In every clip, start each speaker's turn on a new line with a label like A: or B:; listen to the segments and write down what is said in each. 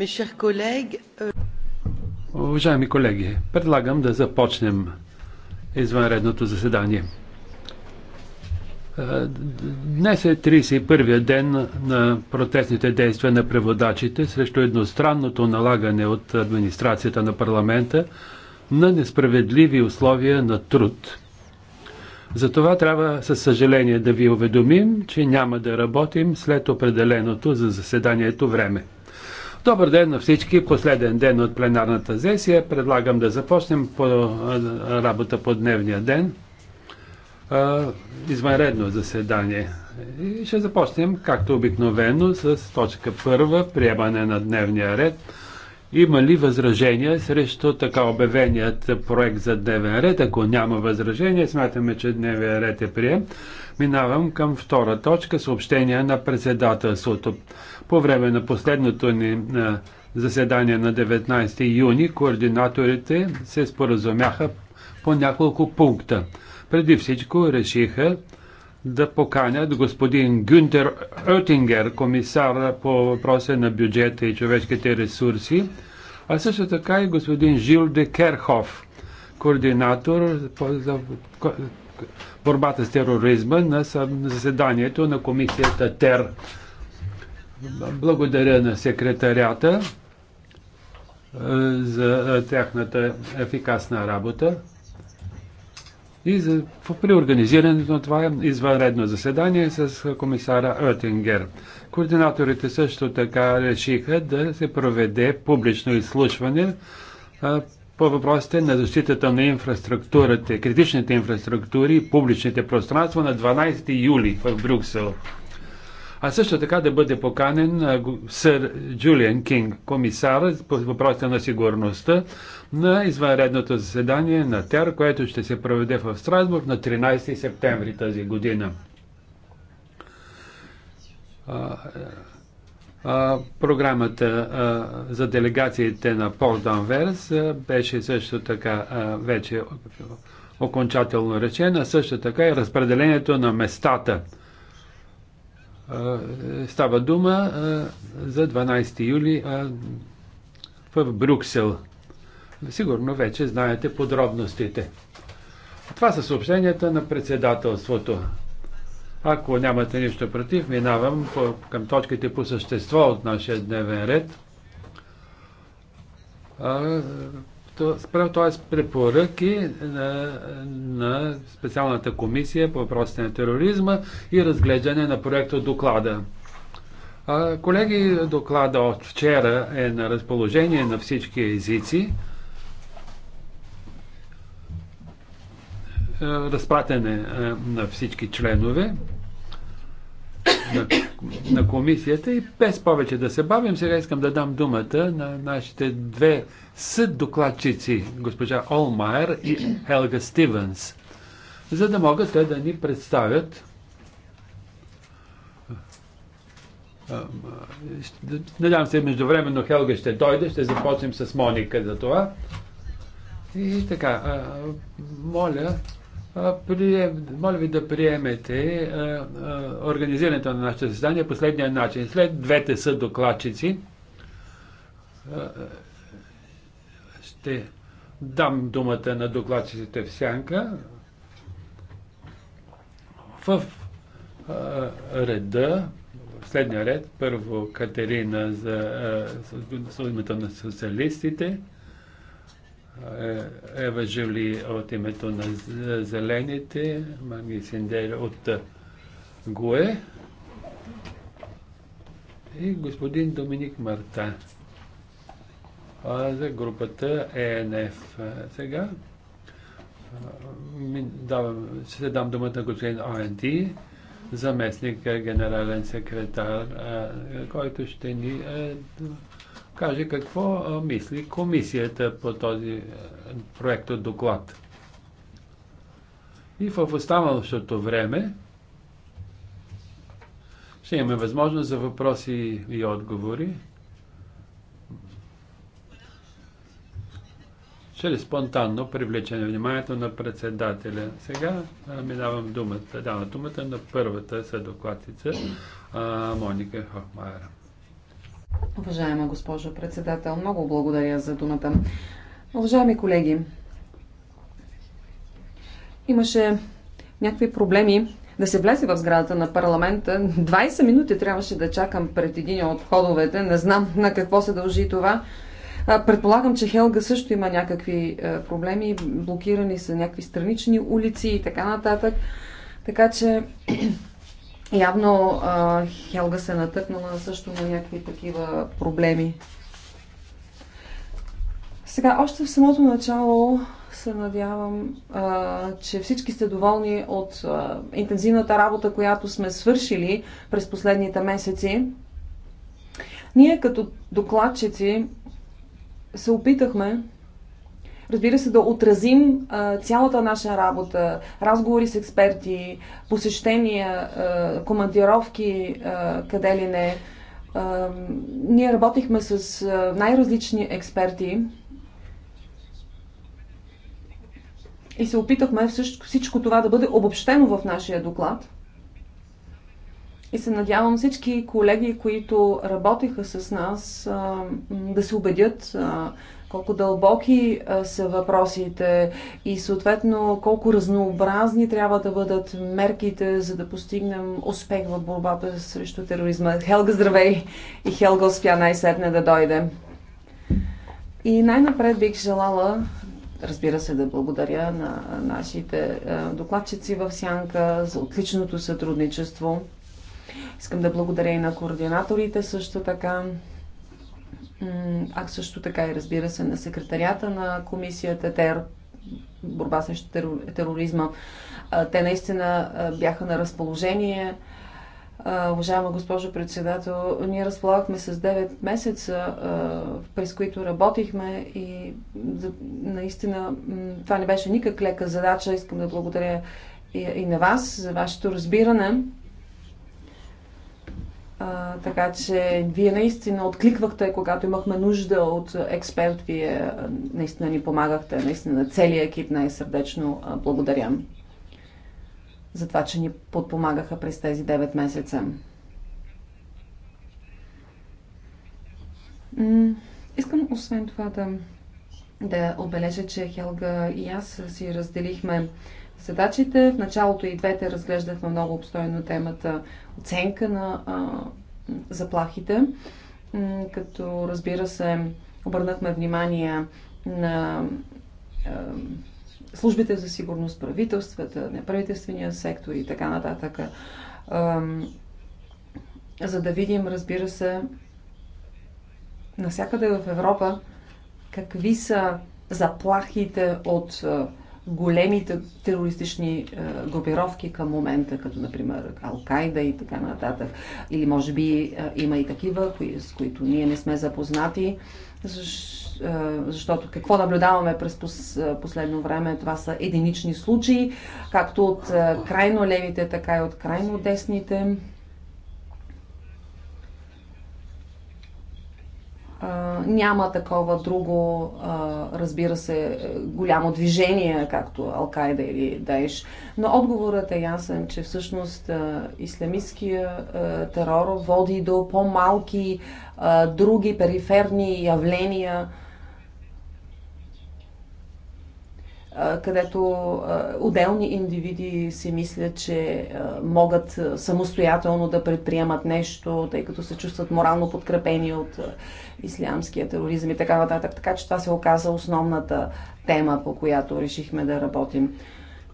A: Euh,
B: Уважаеми колеги, предлагам да започнем извънредното заседание. Е, днес е 31-я ден на протестните действия на преводачите срещу едностранното налагане от администрацията на парламента на несправедливи условия на труд. Затова трябва със съжаление да ви уведомим, че няма да работим след определеното за заседанието време. Добър ден на всички. Последен ден от пленарната сесия. Предлагам да започнем по работа по дневния ден. Извънредно заседание. И ще започнем, както обикновено, с точка първа, приемане на дневния ред. Има ли възражения срещу така обявеният проект за дневен ред? Ако няма възражения, смятаме, че дневен ред е прием. Минавам към втора точка съобщения на председателството. По време на последното ни заседание на 19 юни координаторите се споразумяха по няколко пункта. Преди всичко решиха да поканят господин Гюнтер Оттингер, комисар по въпроса на бюджета и човешките ресурси, а също така и господин Жил де Керхов, координатор по, борбата с тероризма на заседанието на комисията ТЕР. Благодаря на секретарята е, за е, тяхната ефикасна работа и за, приорганизирането на това извънредно заседание с комисара Оттингер. Координаторите също така решиха да се проведе публично изслушване е, по въпросите на защитата на инфраструктурата, критичните инфраструктури и публичните пространства на 12 юли в Брюксел. А също така да бъде поканен сър Джулиан Кинг, комисар по въпросите на сигурността на извънредното заседание на ТЕР, което ще се проведе в Страсбург на 13 септември тази година Програмата за делегациите на Порт Анверс беше също така вече окончателно речена, също така и разпределението на местата. Става дума за 12 юли в Брюксел. Сигурно вече знаете подробностите. Това са съобщенията на председателството. Ако нямате нищо против, минавам по, към точките по същество от нашия дневен ред. А, то, т.е. препоръки е, на, на специалната комисия по въпросите на тероризма и разглеждане на проекта доклада. А, колеги, доклада от вчера е на разположение на всички езици. Е, разпратен е, е на всички членове на, на комисията и без повече да се бавим, сега искам да дам думата на нашите две докладчици, госпожа Олмайер и Хелга Стивенс, за да могат те да ни представят Надявам се, междувременно Хелга ще дойде, ще започнем с Моника за това. И така, моля моля ви да приемете а, а, организирането на нашето заседание последния начин. След двете са докладчици. ще дам думата на докладчиците в сянка в а, реда, в следния ред, първо Катерина за, а, на социалистите, е, Ева Жули от името на Зелените, маги Сендер от ГУЕ и господин Доминик Марта за групата е ЕНФ. Сега давам, ще дам думата на господин Оенди, заместник генерален секретар, който ще ни каже какво мисли комисията по този е, проект от доклад. И в останалото време ще имаме възможност за въпроси и отговори. чрез спонтанно привлечене вниманието на председателя. Сега а, минавам думата, давам думата на първата съдокладица Моника Хохмайера.
C: Уважаема госпожо председател, много благодаря за думата. Уважаеми колеги, имаше някакви проблеми да се влезе в сградата на парламента. 20 минути трябваше да чакам пред един от входовете. Не знам на какво се дължи това. Предполагам, че Хелга също има някакви е, проблеми. Блокирани са някакви странични улици и така нататък. Така че Явно а, Хелга се е натъкнала също на някакви такива проблеми. Сега, още в самото начало се надявам, а, че всички сте доволни от а, интензивната работа, която сме свършили през последните месеци. Ние като докладчици се опитахме разбира се, да отразим а, цялата наша работа, разговори с експерти, посещения, а, командировки, а, къде ли не. А, ние работихме с най-различни експерти и се опитахме всичко, всичко това да бъде обобщено в нашия доклад. И се надявам всички колеги, които работиха с нас, да се убедят колко дълбоки са въпросите и съответно колко разнообразни трябва да бъдат мерките, за да постигнем успех в борбата срещу тероризма. Хелга, здравей! И Хелга успя най-сетне да дойде. И най-напред бих желала разбира се, да благодаря на нашите докладчици в Сянка за отличното сътрудничество. Искам да благодаря и на координаторите също така а също така и разбира се на секретарията на комисията ТЕР, борба срещу тероризма. Те наистина бяха на разположение. Уважаема госпожо председател, ние разполагахме с 9 месеца, през които работихме и наистина това не беше никак лека задача. Искам да благодаря и на вас за вашето разбиране. А, така че вие наистина откликвахте, когато имахме нужда от експерт. Вие наистина ни помагахте. Наистина целият екип най-сърдечно благодаря за това, че ни подпомагаха през тези 9 месеца. Искам освен това да, да отбележа, че Хелга и аз си разделихме задачите. В началото и двете разглеждахме много обстойно темата оценка на а, заплахите, като разбира се обърнахме внимание на а, службите за сигурност, правителствата, неправителствения сектор и така нататък. А, за да видим, разбира се, навсякъде в Европа какви са заплахите от големите терористични е, групировки към момента, като например Ал-Кайда и така нататък. Или може би е, има и такива, с които ние не сме запознати, е, защото какво наблюдаваме през последно време, това са единични случаи, както от крайно левите, така и от крайно десните няма такова друго, разбира се, голямо движение, както Алкайда или Даеш. Но отговорът е ясен, че всъщност исламистския терор води до по-малки други периферни явления, където отделни индивиди си мислят, че могат самостоятелно да предприемат нещо, тъй като се чувстват морално подкрепени от ислямския тероризъм и така нататък. Така че това се оказа основната тема, по която решихме да работим.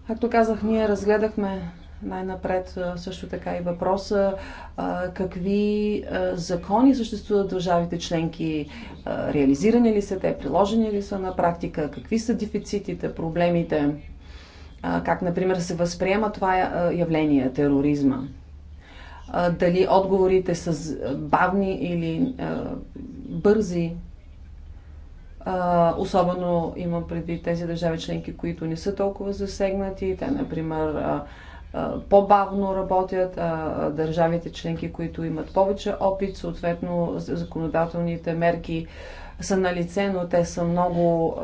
C: Както казах, ние разгледахме най-напред също така и въпроса какви закони съществуват държавите членки, реализирани ли са те, приложени ли са на практика, какви са дефицитите, проблемите, как, например, се възприема това явление, тероризма. Дали отговорите са бавни или бързи, особено имам предвид тези държави членки, които не са толкова засегнати. Те, например, по-бавно работят, а държавите членки, които имат повече опит, съответно законодателните мерки са на лице, но те са много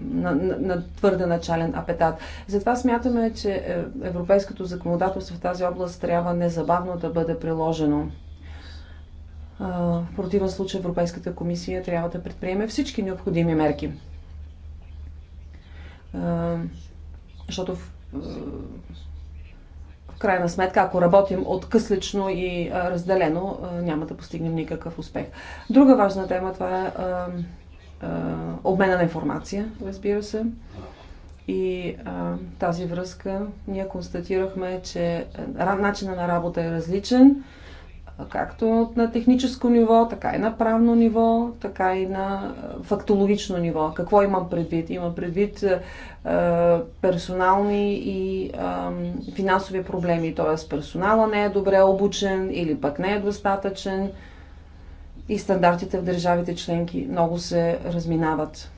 C: на, на, на твърде начален апетат. Затова смятаме, че е, европейското законодателство в тази област трябва незабавно да бъде приложено. В противен случай Европейската комисия трябва да предприеме всички необходими мерки. Защото в в крайна сметка, ако работим откъслично и разделено, няма да постигнем никакъв успех. Друга важна тема това е обмена на информация, разбира се. И а, тази връзка ние констатирахме, че начина на работа е различен, както на техническо ниво, така и на правно ниво, така и на фактологично ниво. Какво имам предвид? Имам предвид е, персонални и е, финансови проблеми, т.е. персонала не е добре обучен или пък не е достатъчен и стандартите в държавите членки много се разминават.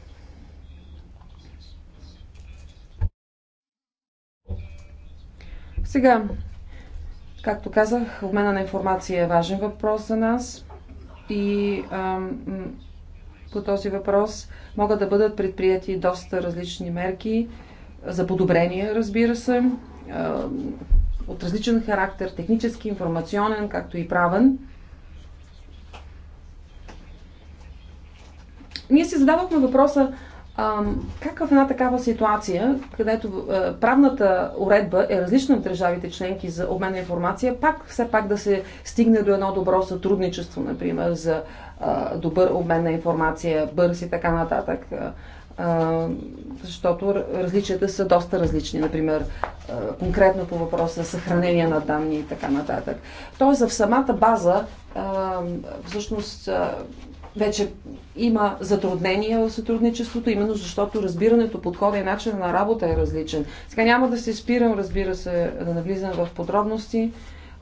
C: Сега, както казах, обмена на информация е важен въпрос за нас и по този въпрос. Могат да бъдат предприяти доста различни мерки за подобрение, разбира се, от различен характер, технически, информационен, както и правен. Ние си задавахме въпроса как в една такава ситуация, където е, правната уредба е различна в държавите членки за обмен на информация, пак все пак да се стигне до едно добро сътрудничество, например, за добър обмен на информация, бърз и така нататък? Е, защото различията са доста различни, например, е, конкретно по въпроса съхранение на данни и така нататък. Тоест, в самата база, всъщност, вече има затруднения в сътрудничеството, именно защото разбирането, подхода и начина на работа е различен. Сега няма да се спирам, разбира се, да навлизам в подробности,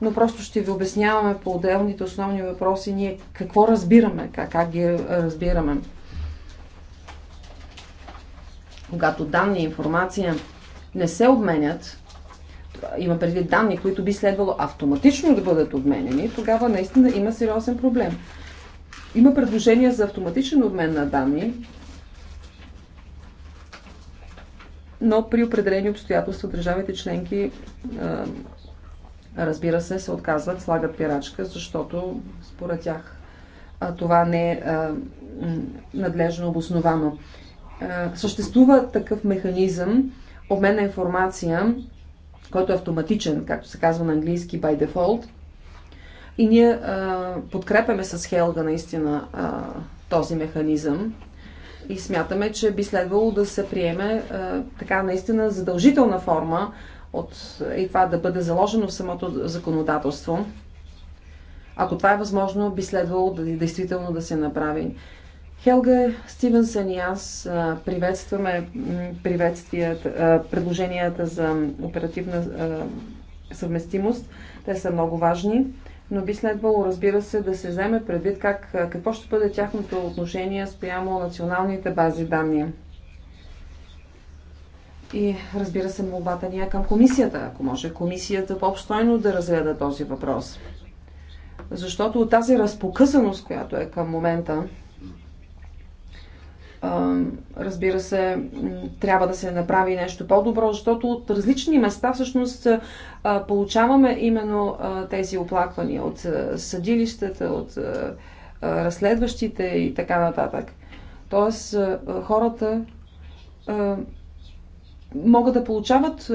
C: но просто ще ви обясняваме по отделните основни въпроси ние какво разбираме, как, как ги разбираме. Когато данни и информация не се обменят, има предвид данни, които би следвало автоматично да бъдат обменени, тогава наистина има сериозен проблем. Има предложение за автоматичен обмен на данни, но при определени обстоятелства държавите членки, разбира се, се отказват, слагат пирачка, защото според тях това не е надлежно обосновано. Съществува такъв механизъм, обмен на информация, който е автоматичен, както се казва на английски by default – и ние а, подкрепяме с Хелга наистина а, този механизъм и смятаме, че би следвало да се приеме а, така наистина задължителна форма от, и това да бъде заложено в самото законодателство. Ако това е възможно, би следвало да, действително да се направи. Хелга Стивенсън и аз приветстваме предложенията за оперативна съвместимост. Те са много важни но би следвало, разбира се, да се вземе предвид как, какво ще бъде тяхното отношение спрямо националните бази данни. И разбира се, молбата ни е към комисията, ако може комисията по-обстойно да разгледа този въпрос. Защото от тази разпокъсаност, която е към момента, разбира се, трябва да се направи нещо по-добро, защото от различни места всъщност получаваме именно тези оплаквания от съдилищата, от разследващите и така нататък. Тоест, хората могат да получават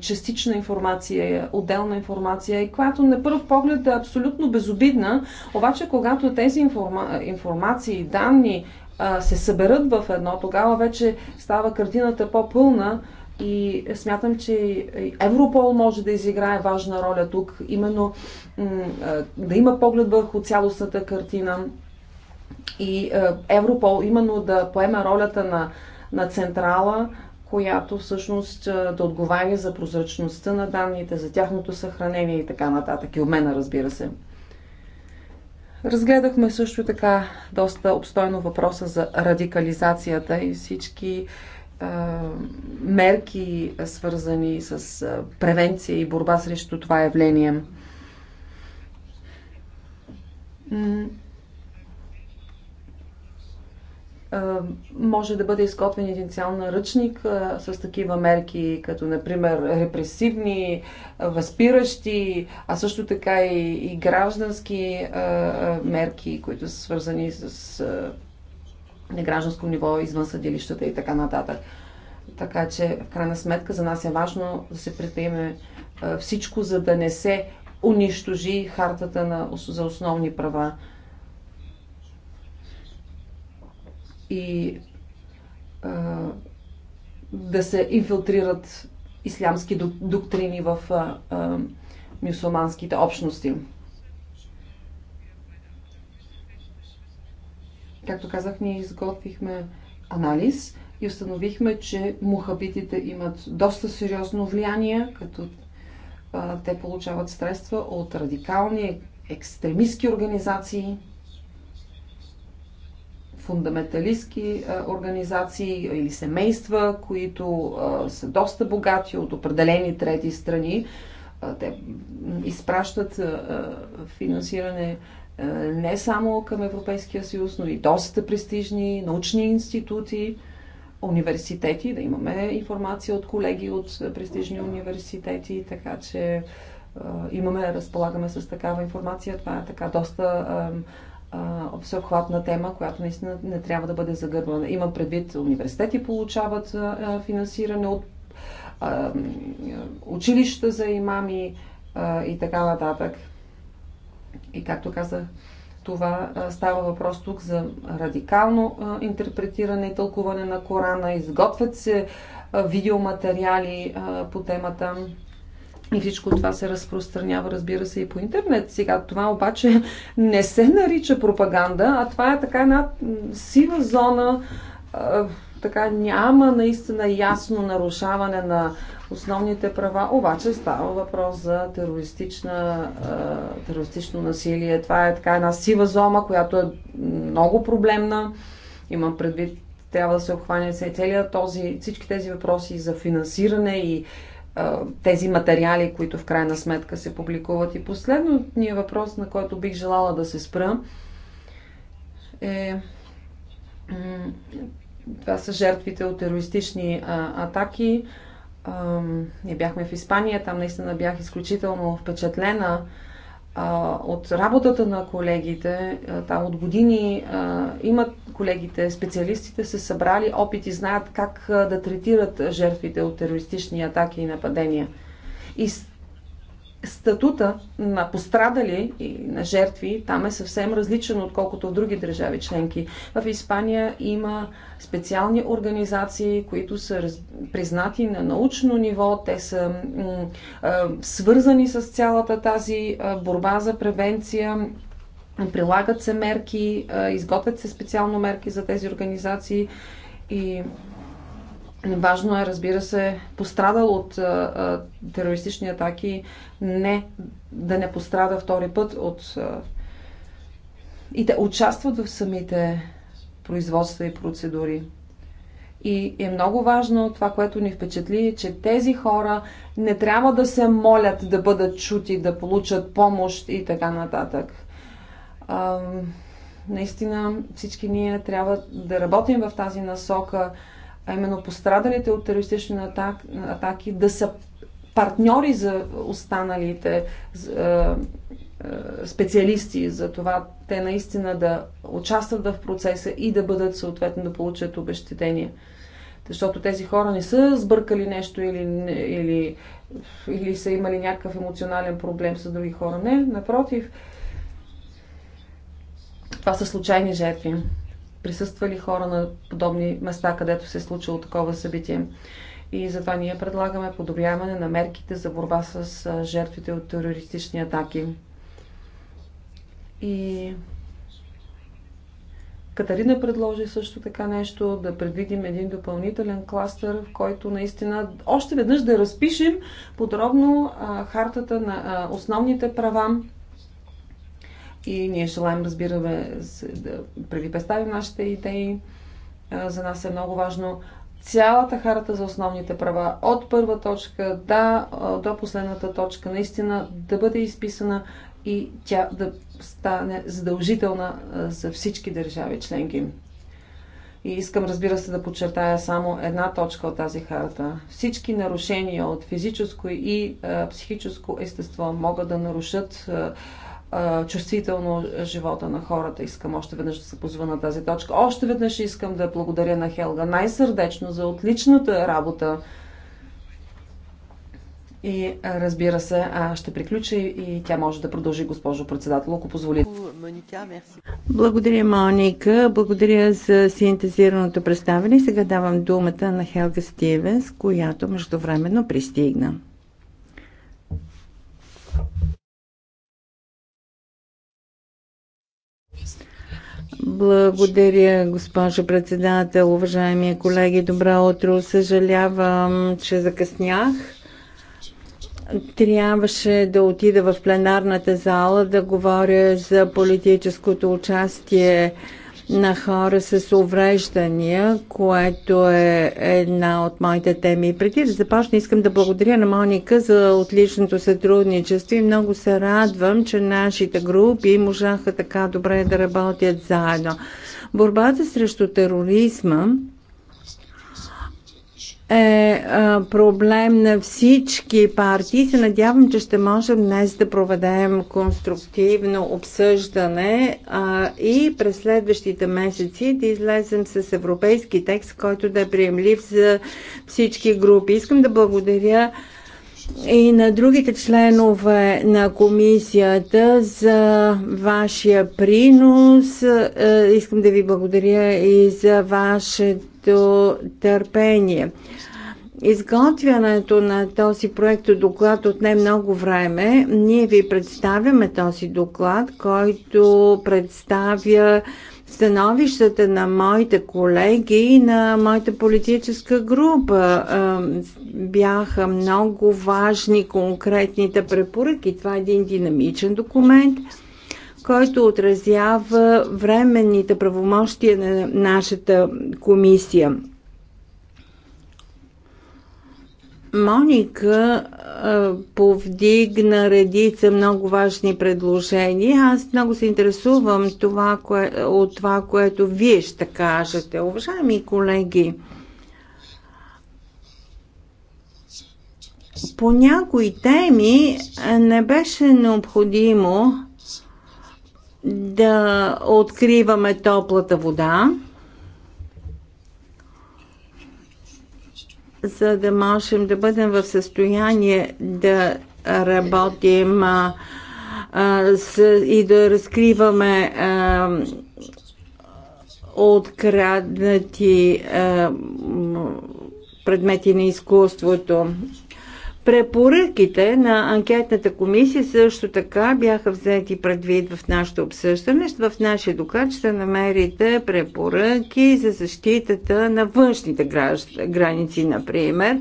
C: частична информация, отделна информация, и която на първ поглед е абсолютно безобидна, обаче когато тези информа... информации, данни а, се съберат в едно, тогава вече става картината по-пълна и смятам, че Европол може да изиграе важна роля тук, именно да има поглед върху цялостната картина и Европол именно да поема ролята на, на централа, която всъщност да отговаря за прозрачността на данните, за тяхното съхранение и така нататък и обмена, разбира се. Разгледахме също така доста обстойно въпроса за радикализацията и всички мерки, свързани с превенция и борба срещу това явление. Е, може да бъде изготвен инициална ръчник е, с такива мерки, като например репресивни, е, възпиращи, а също така и, и граждански мерки, които са свързани с гражданско ниво, извън съдилищата и така нататък. Така че, в крайна сметка, за нас е важно да се предприеме всичко, за да не се унищожи хартата на, за основни права и а, да се инфилтрират ислямски доктрини в а, а, мюсулманските общности. Както казах, ние изготвихме анализ и установихме, че мухабитите имат доста сериозно влияние, като а, те получават средства от радикални екстремистски организации, фундаменталистски организации или семейства, които са доста богати от определени трети страни. Те изпращат финансиране не само към Европейския съюз, но и доста престижни научни институти, университети. Да имаме информация от колеги от престижни университети, така че имаме, разполагаме с такава информация. Това е така доста всеобхватна тема, която наистина не трябва да бъде загърбана. Имам предвид, университети получават финансиране от училища за имами и така нататък. И както казах, това става въпрос тук за радикално интерпретиране и тълкуване на Корана. Изготвят се видеоматериали по темата. И всичко това се разпространява, разбира се, и по интернет. Сега това обаче не се нарича пропаганда, а това е така една сива зона. Така няма наистина ясно нарушаване на основните права, обаче става въпрос за терористична, терористично насилие. Това е така една сива зона, която е много проблемна. Имам предвид трябва да се обхване целият този, всички тези въпроси за финансиране и тези материали, които в крайна сметка се публикуват. И последният въпрос, на който бих желала да се спра, е това са жертвите от терористични а, атаки. А, ние бяхме в Испания, там наистина бях изключително впечатлена от работата на колегите, там от години имат колегите, специалистите се събрали опит и знаят как да третират жертвите от терористични атаки и нападения. И статута на пострадали и на жертви там е съвсем различен, отколкото в други държави членки. В Испания има специални организации, които са раз... признати на научно ниво. Те са свързани с цялата тази борба за превенция. Прилагат се мерки, изготвят се специално мерки за тези организации и Важно е, разбира се, пострадал от а, терористични атаки, не, да не пострада втори път от. А, и те участват в самите производства и процедури. И е много важно това, което ни впечатли, че тези хора не трябва да се молят да бъдат чути, да получат помощ и така нататък. А, наистина всички ние трябва да работим в тази насока а именно пострадалите от терористични атак, атаки да са партньори за останалите за, е, е, специалисти, за това те наистина да участват в процеса и да бъдат съответно да получат обещетение. Защото тези хора не са сбъркали нещо или, или, или са имали някакъв емоционален проблем с други хора. Не, напротив. Това са случайни жертви присъствали хора на подобни места, където се е случило такова събитие. И затова ние предлагаме подобряване на мерките за борба с жертвите от терористични атаки. И Катарина предложи също така нещо, да предвидим един допълнителен кластър, в който наистина още веднъж да разпишем подробно а, хартата на а, основните права и ние желаем, разбираме, да преди представим нашите идеи. За нас е много важно цялата харта за основните права, от първа точка да, до последната точка, наистина да бъде изписана и тя да стане задължителна за всички държави членки. И искам, разбира се, да подчертая само една точка от тази харта. Всички нарушения от физическо и а, психическо естество могат да нарушат а, чувствително живота на хората. Искам още веднъж да се позва на тази точка. Още веднъж искам да благодаря на Хелга най-сърдечно за отличната работа. И разбира се, а ще приключи и тя може да продължи, госпожо председател, ако позволи.
D: Благодаря, Моника. Благодаря за синтезираното представяне. Сега давам думата на Хелга Стивенс, която междувременно пристигна. Благодаря, госпожо председател, уважаеми колеги. Добро утро. Съжалявам, че закъснях. Трябваше да отида в пленарната зала да говоря за политическото участие на хора с увреждания, което е една от моите теми. Преди да започна, искам да благодаря на Моника за отличното сътрудничество и много се радвам, че нашите групи можаха така добре да работят заедно. Борбата срещу тероризма е проблем на всички партии. Се надявам, че ще можем днес да проведем конструктивно обсъждане а, и през следващите месеци да излезем с европейски текст, който да е приемлив за всички групи. Искам да благодаря и на другите членове на комисията за вашия принос. Е, искам да ви благодаря и за вашето търпение. Изготвянето на този проект доклад отне много време. Ние ви представяме този доклад, който представя становищата на моите колеги и на моята политическа група. Бяха много важни конкретните препоръки. Това е един динамичен документ, който отразява временните правомощия на нашата комисия. Моника повдигна редица много важни предложения. Аз много се интересувам това, кое, от това, което вие ще кажете. Уважаеми колеги, по някои теми не беше необходимо да откриваме топлата вода. за да можем да бъдем в състояние да работим а, а, с, и да разкриваме а, откраднати а, предмети на изкуството. Препоръките на анкетната комисия също така бяха взети предвид в нашето обсъждане. В нашия доклад ще намерите препоръки за защитата на външните граници, например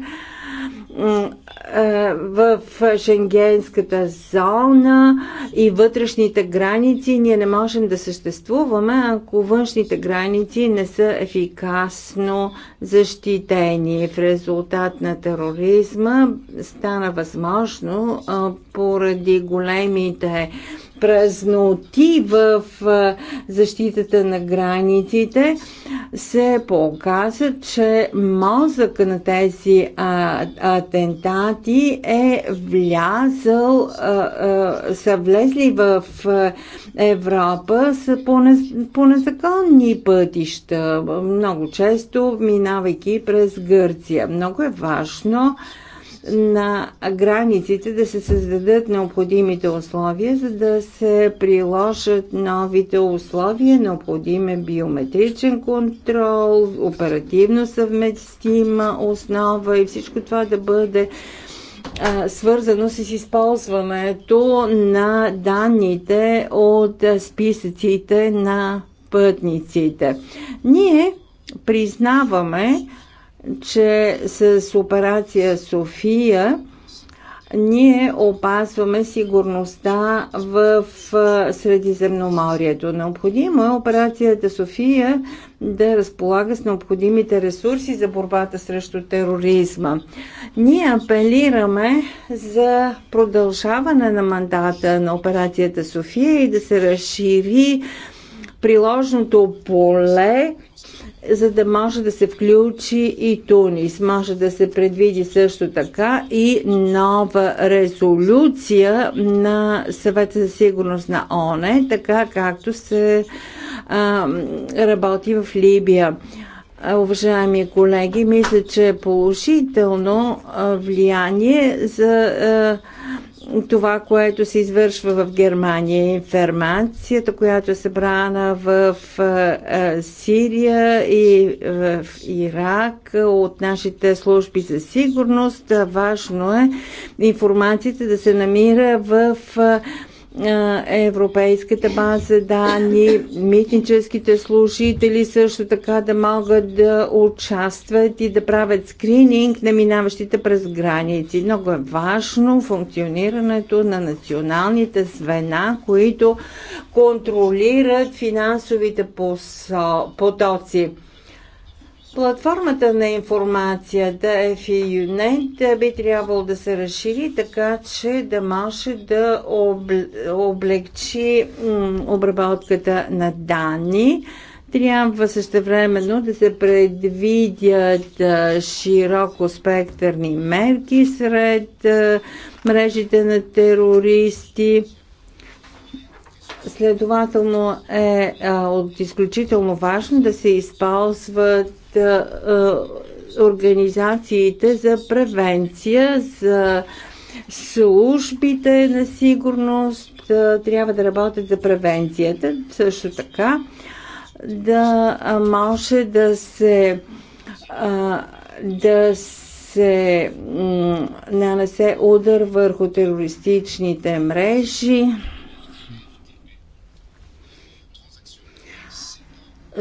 D: в Шенгенската зона и вътрешните граници. Ние не можем да съществуваме, ако външните граници не са ефикасно защитени. В резултат на тероризма стана възможно поради големите празноти в защитата на границите, се показва, че мозъка на тези а, атентати е влязъл, а, а, са влезли в Европа с по, по незаконни пътища, много често минавайки през Гърция. Много е важно а, на границите да се създадат необходимите условия, за да се приложат новите условия. Необходим е биометричен контрол, оперативно съвместима основа и всичко това да бъде свързано с използването на данните от списъците на пътниците. Ние признаваме, че с операция София ние опазваме сигурността в Средиземноморието. Необходимо е операцията София да разполага с необходимите ресурси за борбата срещу тероризма. Ние апелираме за продължаване на мандата на операцията София и да се разшири приложното поле за да може да се включи и Тунис. Може да се предвиди също така и нова резолюция на съвета за сигурност на ОНЕ, така както се а, работи в Либия. Уважаеми колеги, мисля, че е положително влияние за това, което се извършва в Германия, е информацията, която е събрана в Сирия и в Ирак от нашите служби за сигурност. Важно е информацията да се намира в европейската база данни, митническите служители също така да могат да участват и да правят скрининг на минаващите през граници. Много е важно функционирането на националните звена, които контролират финансовите потоци. Платформата на информацията FEUNET би трябвало да се разшири така, че да може да облегчи обработката на данни. Трябва същевременно да се предвидят широко спектърни мерки сред мрежите на терористи. Следователно е от изключително важно да се използват организациите за превенция, за службите на сигурност, трябва да работят за превенцията. Също така да може да се да се нанесе удар върху терористичните мрежи.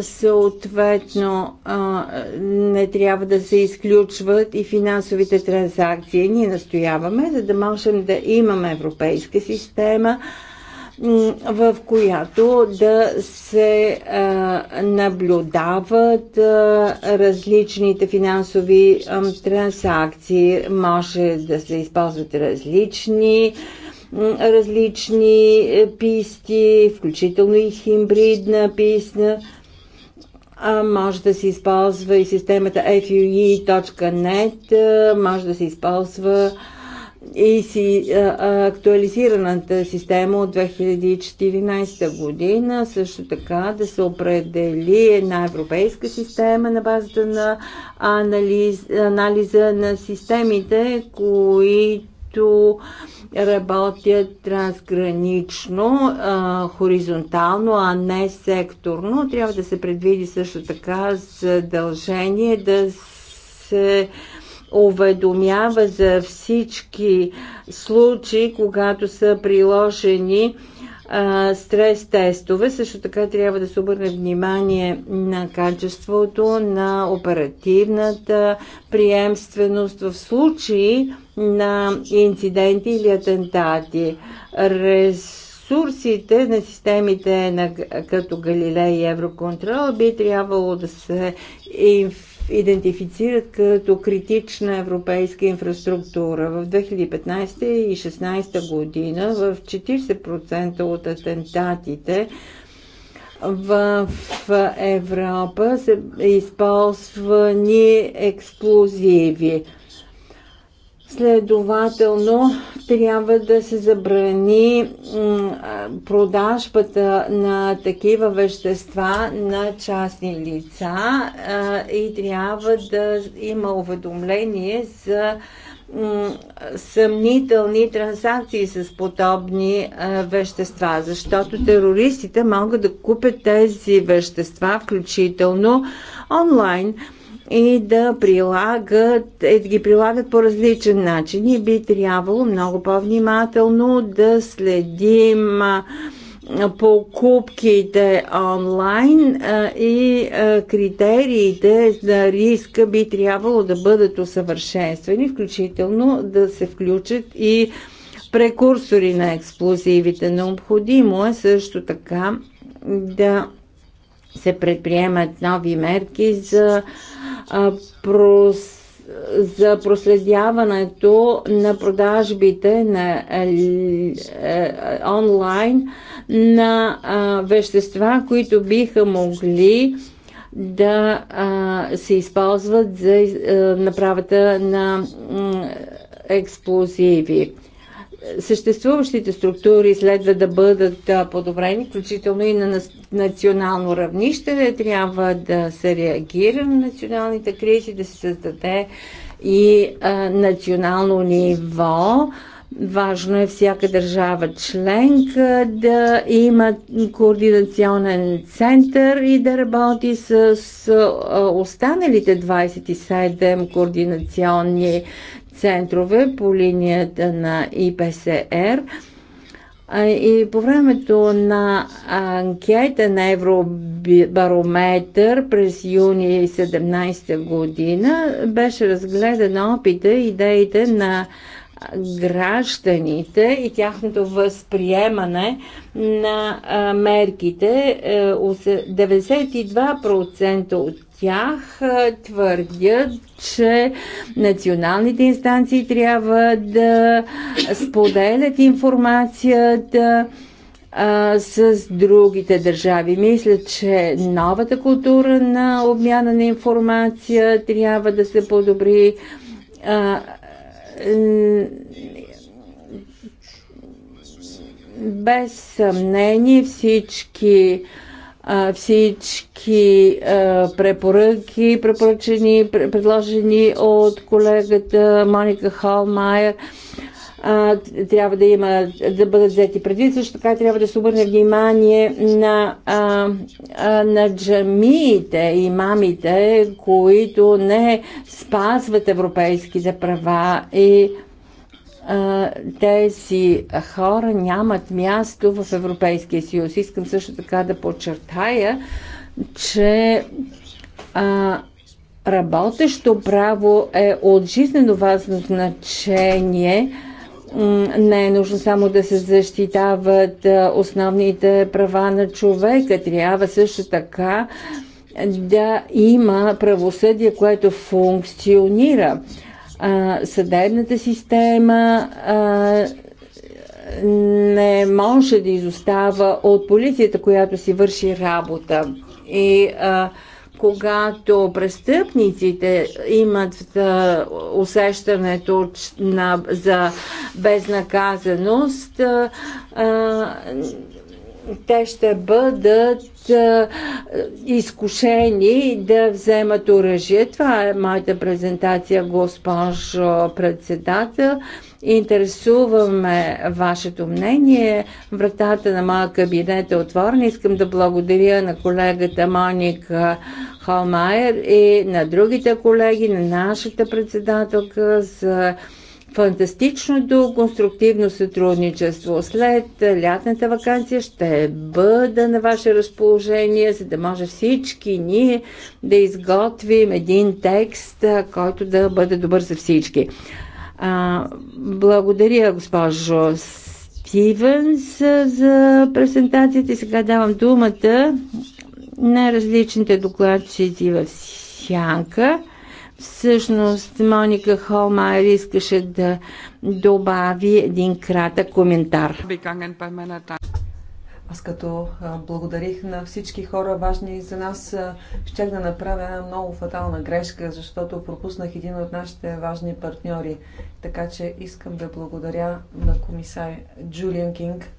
D: Съответно, не трябва да се изключват и финансовите транзакции. Ние настояваме, за да можем да имаме европейска система, в която да се а, наблюдават а, различните финансови а, транзакции. Може да се използват различни различни е, писти, включително и хибридна писна може да се използва и системата fue.net, може да се използва и си, актуализираната система от 2014 година, също така да се определи една европейска система на базата на анализ, анализа на системите, които работят трансгранично, а, хоризонтално, а не секторно. Трябва да се предвиди също така задължение да се уведомява за всички случаи, когато са приложени а, стрес тестове. Също така трябва да се обърне внимание на качеството на оперативната приемственост в случаи, на инциденти или атентати. Ресурсите на системите на, като Галилей и Евроконтрол би трябвало да се идентифицират като критична европейска инфраструктура. В 2015 и 2016 година в 40% от атентатите в Европа са използвани експлозиви. Следователно, трябва да се забрани продажбата на такива вещества на частни лица и трябва да има уведомление за съмнителни транзакции с подобни вещества, защото терористите могат да купят тези вещества, включително онлайн и да прилагат, е, да ги прилагат по различен начин и би трябвало много по-внимателно да следим покупките онлайн и критериите за риска би трябвало да бъдат усъвършенствани, включително да се включат и прекурсори на експлозивите. Необходимо е също така да се предприемат нови мерки за, а, прос, за проследяването на продажбите на а, е, а, е, онлайн на а, вещества, които биха могли да а, се използват за а, е, направата на а, експлозиви съществуващите структури следва да бъдат подобрени, включително и на национално равнище. Трябва да се реагира на националните кризи, да се създаде и национално ниво. Важно е всяка държава членка да има координационен център и да работи с останалите 27 координационни центрове по линията на ИПСР. И по времето на анкета на Евробарометър през юни 17 година беше разгледана опита и идеите на гражданите и тяхното възприемане на мерките. Е, 92% от тях твърдят, че националните инстанции трябва да споделят информацията с другите държави. Мисля, че новата култура на обмяна на информация трябва да се подобри. А, без съмнение всички а, всички препоръки, препоръчени, предложени от колегата Моника Холмайер трябва да има, да бъдат взети преди, Също така трябва да се обърне внимание на, на джамиите и мамите, които не спазват европейските права и тези хора нямат място в Европейския съюз. Искам също така да подчертая, че а, работещо право е от жизнено важно значение. Не е нужно само да се защитават основните права на човека. Трябва също така да има правосъдие, което функционира а, съдебната система а, не може да изостава от полицията, която си върши работа. И а, когато престъпниците имат а, усещането на, за безнаказаност, а, те ще бъдат а, изкушени да вземат оръжие. Това е моята презентация, госпожо председател. Интересуваме вашето мнение. Вратата на моя кабинет е отворена. Искам да благодаря на колегата Моника Холмайер и на другите колеги, на нашата председателка за фантастичното конструктивно сътрудничество. След лятната вакансия ще бъда на ваше разположение, за да може всички ние да изготвим един текст, който да бъде добър за всички. А, благодаря, госпожо Стивенс, за презентацията. Сега давам думата на различните докладчици в сянка. Всъщност Моника Холмайер искаше да добави един кратък коментар. Аз
E: като
C: благодарих на всички хора, важни за нас, щях да направя една много фатална грешка, защото пропуснах един от нашите важни партньори. Така че искам да благодаря на комисар Джулиан Кинг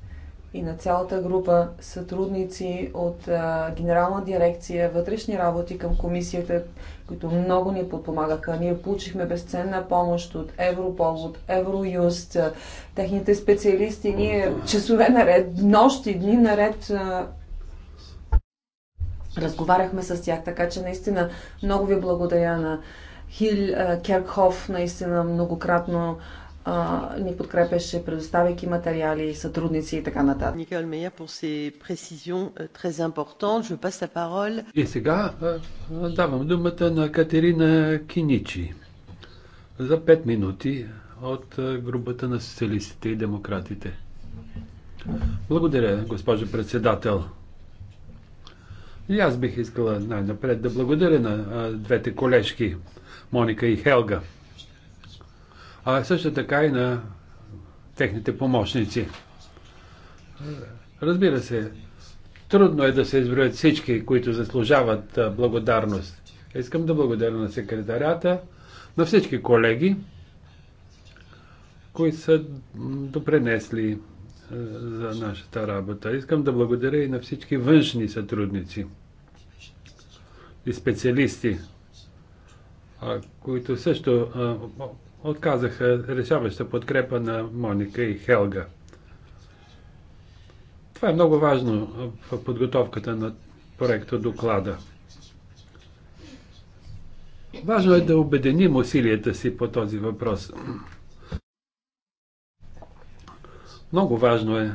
C: и на цялата група сътрудници от а, Генерална дирекция вътрешни работи към комисията, които много ни подпомагаха. Ние получихме безценна помощ от Европол, от Евроюст, техните специалисти. Ние часове наред, нощи, дни наред а, разговаряхме с тях, така че наистина много ви благодаря на Хил Керкхоф, наистина многократно а,
A: ни подкрепеше, предоставяйки материали, сътрудници и така нататък. Euh,
B: и сега давам думата на Катерина Киничи за 5 минути от групата на социалистите и демократите. Благодаря, госпожо председател. И аз бих искала най-напред да благодаря на двете колежки, Моника и Хелга а също така и на техните помощници. Разбира се, трудно е да се изброят всички, които заслужават благодарност. Искам да благодаря на секретарята, на всички колеги, които са допренесли за нашата работа. Искам да благодаря и на всички външни сътрудници и специалисти, които също отказаха решаваща подкрепа на Моника и Хелга. Това е много важно в подготовката на проекта доклада. Важно е да обединим усилията си по този въпрос. Много важно е,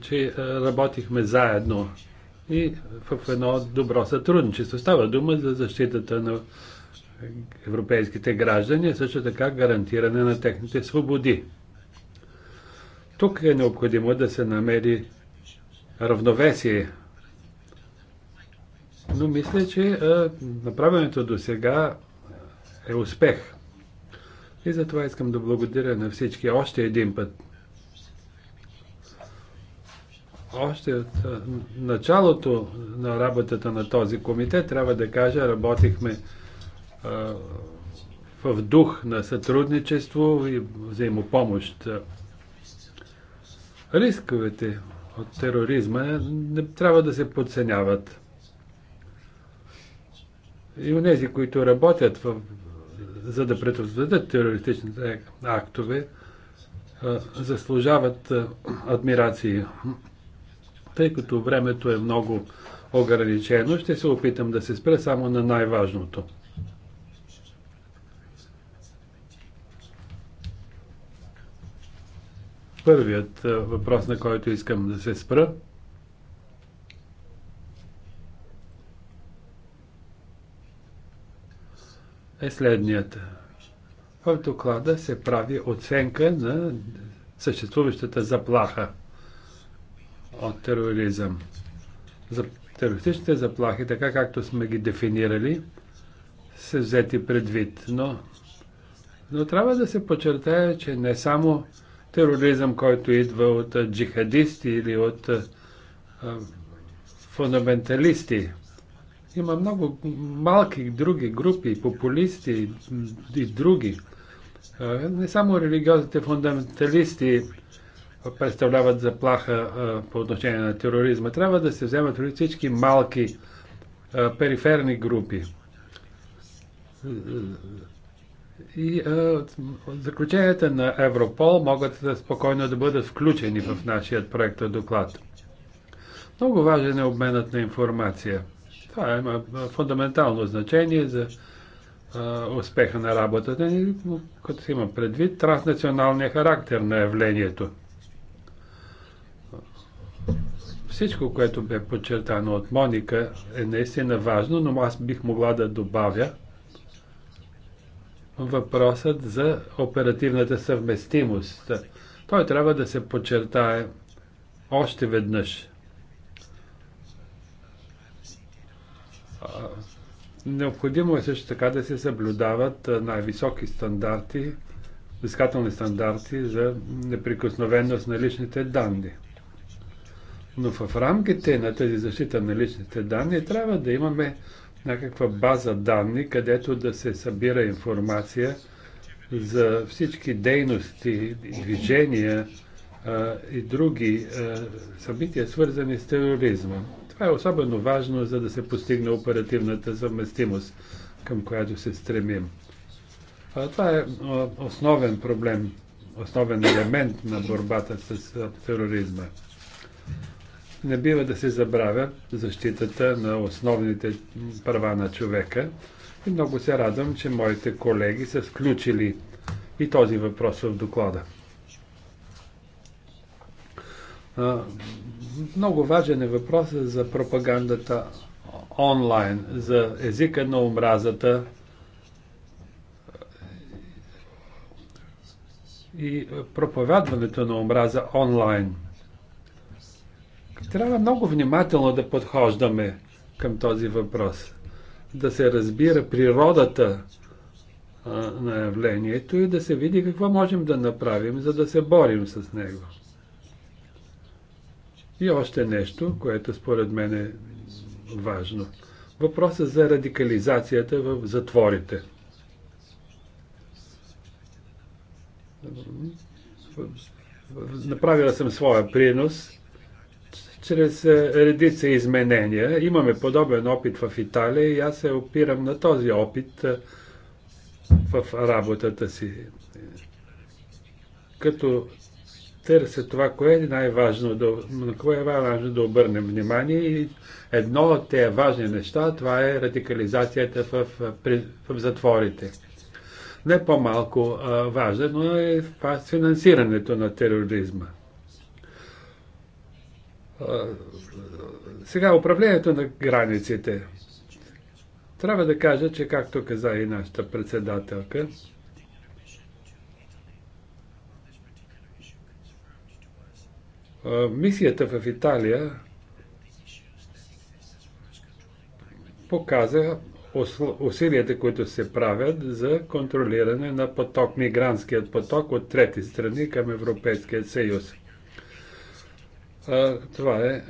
B: че работихме заедно и в едно добро сътрудничество. Става дума за защитата на европейските граждани, а също така гарантиране на техните свободи. Тук е необходимо да се намери равновесие. Но мисля, че направенето до сега е успех. И затова искам да благодаря на всички още един път. Още от началото на работата на този комитет, трябва да кажа, работихме в дух на сътрудничество и взаимопомощ. Рисковете от тероризма не трябва да се подценяват. И у нези, които работят в, за да предотвратят терористичните актове, заслужават адмирации. Тъй като времето е много ограничено, ще се опитам да се спре само на най-важното. първият е, въпрос, на който искам да се спра. е следният. В доклада се прави оценка на съществуващата заплаха от тероризъм. За терористичните заплахи, така както сме ги дефинирали, се взети предвид. Но, но трябва да се подчертая, че не само тероризъм, който идва от джихадисти или от фундаменталисти. Има много малки други групи, популисти и други. Не само религиозните фундаменталисти представляват заплаха по отношение на тероризма. Трябва да се вземат всички малки периферни групи и а, заключенията на Европол могат да спокойно да бъдат включени в нашия проект доклад. Много важен е обменът на информация. Това има фундаментално значение за а, успеха на работата ни, като се има предвид транснационалния характер на явлението. Всичко, което бе подчертано от Моника, е наистина важно, но аз бих могла да добавя, въпросът за оперативната съвместимост. Той трябва да се подчертае още веднъж. Необходимо е също така да се съблюдават най-високи стандарти, изкателни стандарти за неприкосновеност на личните данни. Но в рамките на тази защита на личните данни трябва да имаме някаква база данни, където да се събира информация за всички дейности, движения а, и други а, събития, свързани с тероризма. Това е особено важно, за да се постигне оперативната съвместимост, към която се стремим. А, това е основен проблем, основен елемент на борбата с тероризма не бива да се забравя защитата на основните права на човека. И много се радвам, че моите колеги са включили и този въпрос в доклада. Много важен е въпросът за пропагандата онлайн, за езика на омразата и проповядването на омраза онлайн – трябва много внимателно да подхождаме към този въпрос. Да се разбира природата а, на явлението и да се види какво можем да направим, за да се борим с него. И още нещо, което според мен е важно. Въпросът за радикализацията в затворите. Направила съм своя принос чрез е, редица изменения. Имаме подобен опит в Италия и аз се опирам на този опит е, в работата си. Като търся това, кое е най-важно, да, на кое е важно да обърнем внимание и едно от тези важни неща, това е радикализацията в, в, в затворите. Не по-малко важно е, е финансирането на тероризма. Сега управлението на границите. Трябва да кажа, че както каза и нашата председателка, мисията в Италия показа усилията, които се правят за контролиране на поток, мигрантският поток от трети страни към Европейския съюз. Това е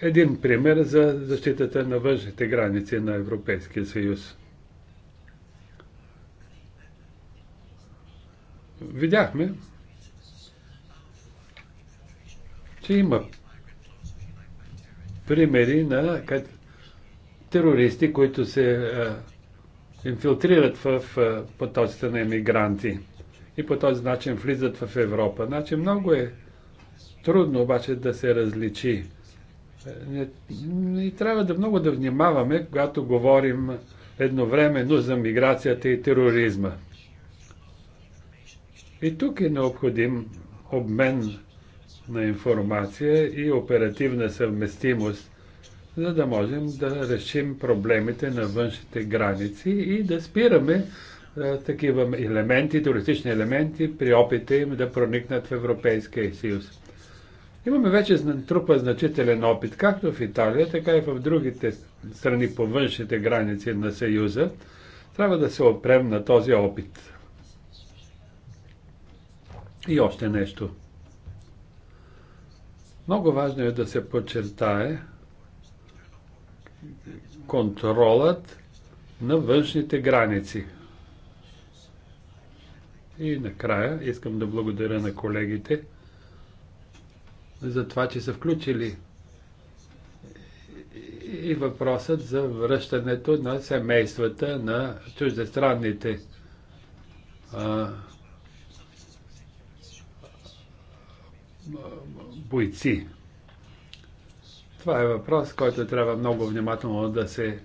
B: един пример за защитата на външните граници на Европейския съюз. Видяхме, че има примери на терористи, които се инфилтрират в потоците на емигранти и по този начин влизат в Европа. Значи много е Трудно обаче да се различи. Е, не, не трябва да много да внимаваме, когато говорим едновременно за миграцията и тероризма. И тук е необходим обмен на информация и оперативна съвместимост, за да можем да решим проблемите на външните граници и да спираме а, е, такива елементи, туристични елементи при опита им да проникнат в Европейския съюз. Имаме вече трупа значителен опит, както в Италия, така и в другите страни по външните граници на Съюза. Трябва да се опрем на този опит. И още нещо. Много важно е да се подчертае контролът на външните граници. И накрая искам да благодаря на колегите за това, че са включили и въпросът за връщането на семействата на чуждестранните а, бойци. Това е въпрос, който трябва много внимателно да се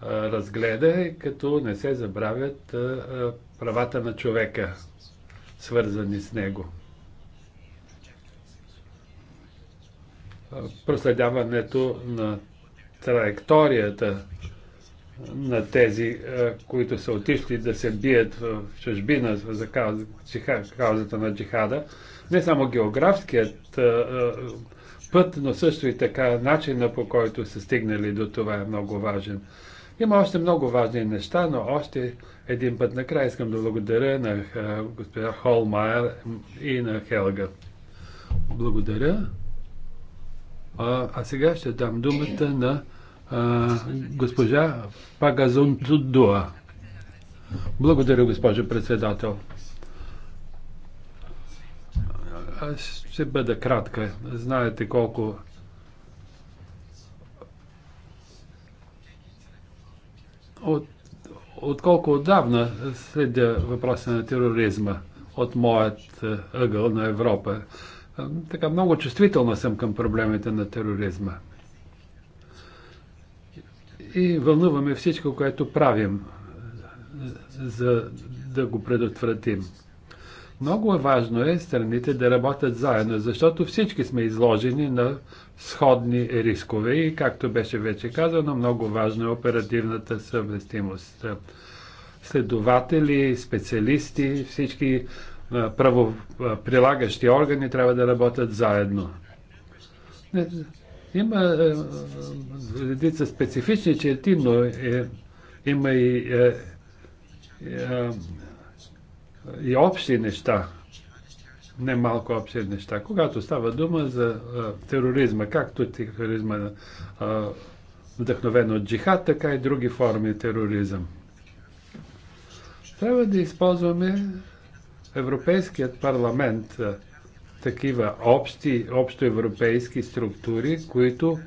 B: а, разгледа, като не се забравят а, правата на човека, свързани с него. проследяването на траекторията на тези, които са отишли да се бият в чужбина за каузата на джихада. Не само географският път, но също и така начина по който са стигнали до това е много важен. Има още много важни неща, но още един път накрая искам да благодаря на госпожа Холмайер и на Хелга. Благодаря. А, а сега ще дам думата на а, госпожа Пагазун Тудуа. Благодаря, госпожо председател. Аз ще бъда кратка. Знаете колко от, отколко отдавна следя въпроса на тероризма от моят ъгъл на Европа така много чувствителна съм към проблемите на тероризма. И вълнуваме всичко, което правим, за да го предотвратим. Много е важно е страните да работят заедно, защото всички сме изложени на сходни рискове и, както беше вече казано, много важно е оперативната съвместимост. Следователи, специалисти, всички е, правоприлагащи е, органи трябва да работят заедно. Е, има редица специфични черти, но е, има и, е, е, и общи неща. Не малко общи неща. Когато става дума за е, тероризма, както тероризма е, вдъхновен от джихад, така и други форми тероризъм. Трябва да използваме Европейският парламент такива общи, общоевропейски структури, които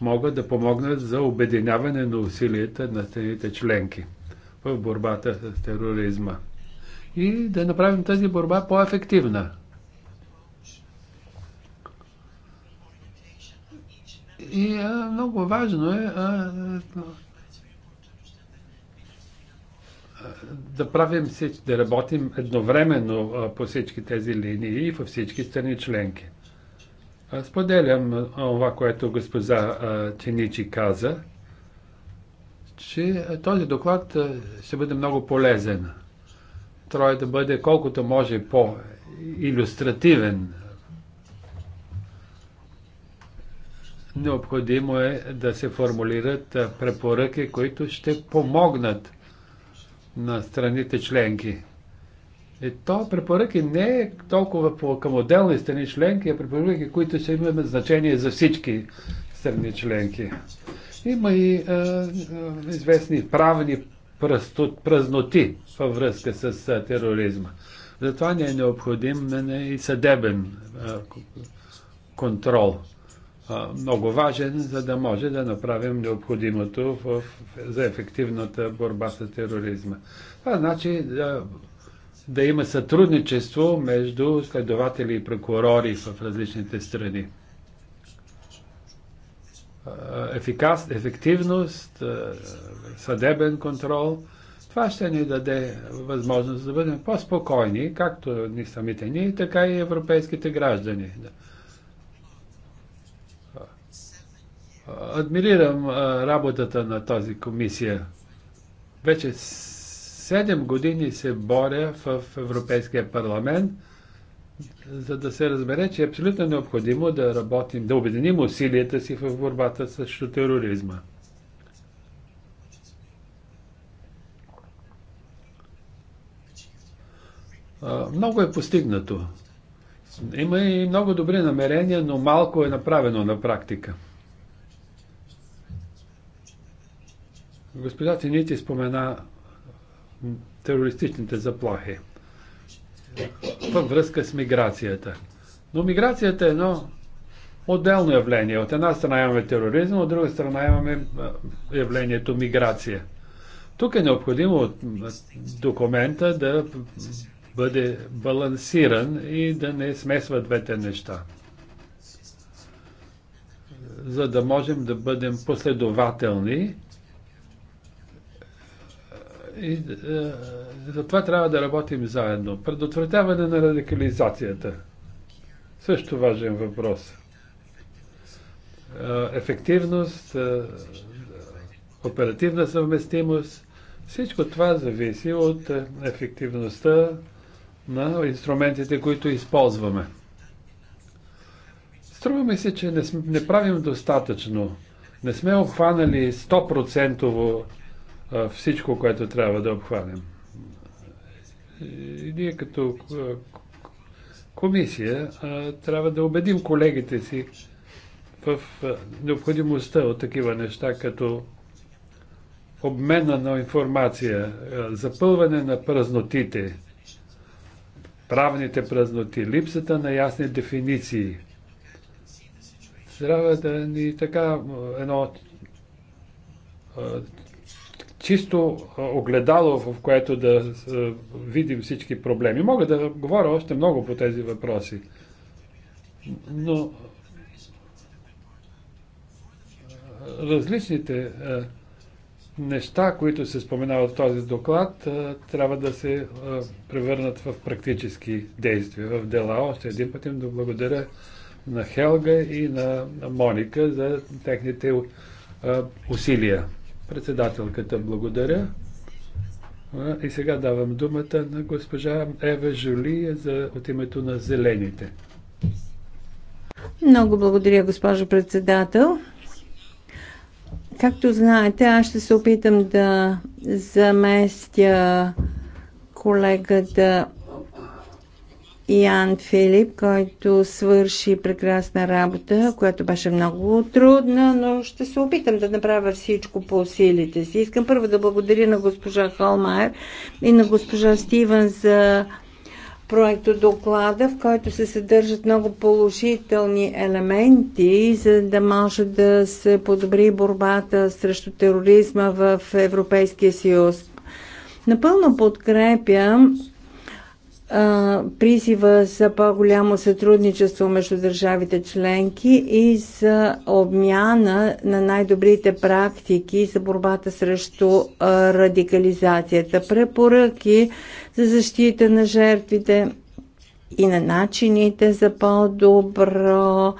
B: могат да помогнат за обединяване на усилията на страните членки в борбата с тероризма и да направим тази борба по-ефективна. И а, много важно е а, да правим всички, да работим едновременно по всички тези линии и във всички страни членки. Споделям това, което госпожа Ченичи каза, че този доклад ще бъде много полезен. Трябва да бъде колкото може по-иллюстративен. Необходимо е да се формулират препоръки, които ще помогнат на страните членки. И то препоръки не е толкова по, към отделни страни членки, а препоръки, които ще имат значение за всички страни членки. Има и а, а, известни правни пръстот, празноти във връзка с а, тероризма. Затова не е необходим не е и съдебен а, контрол много важен, за да може да направим необходимото в, за ефективната борба с тероризма. Това значи да, да има сътрудничество между следователи и прокурори в различните страни. Ефикас, ефективност, съдебен контрол. Това ще ни даде възможност да бъдем по-спокойни, както ни самите ние, така и европейските граждани. Адмирирам работата на тази комисия. Вече 7 години се боря в Европейския парламент, за да се разбере, че е абсолютно необходимо да работим, да обединим усилията си в борбата срещу тероризма. Много е постигнато. Има и много добри намерения, но малко е направено на практика. Господа Тинити спомена терористичните заплахи във връзка с миграцията. Но миграцията е едно отделно явление. От една страна имаме тероризъм, от друга страна имаме явлението миграция. Тук е необходимо от документа да бъде балансиран и да не смесва двете неща. За да можем да бъдем последователни и е, за това трябва да работим заедно. Предотвратяване на радикализацията. Също важен въпрос. Е, ефективност, е, оперативна съвместимост. Всичко това зависи от ефективността на инструментите, които използваме. Струва ми се, че не, сме, не правим достатъчно. Не сме обхванали 100% всичко, което трябва да обхванем. И ние като комисия трябва да убедим колегите си в необходимостта от такива неща, като обмена на информация, запълване на празнотите, правните празноти, липсата на ясни дефиниции. Трябва да ни така едно чисто огледало, в което да видим всички проблеми. Мога да говоря още много по тези въпроси. Но различните неща, които се споменават в този доклад, трябва да се превърнат в практически действия, в дела. Още един път им да благодаря на Хелга и на Моника за техните усилия. Председателката, благодаря. И сега давам думата на госпожа Ева Жулия за, от името на Зелените.
D: Много благодаря, госпожо председател. Както знаете, аз ще се опитам да заместя колегата Ян Филип, който свърши прекрасна работа, която беше много трудна, но ще се опитам да направя всичко по силите си. Искам първо да благодаря на госпожа Холмайер и на госпожа Стивен за проекто доклада, в който се съдържат много положителни елементи, за да може да се подобри борбата срещу тероризма в Европейския съюз. Напълно подкрепям призива за по-голямо сътрудничество между държавите членки и за обмяна на най-добрите практики за борбата срещу радикализацията, препоръки за защита на жертвите и на начините за по-добро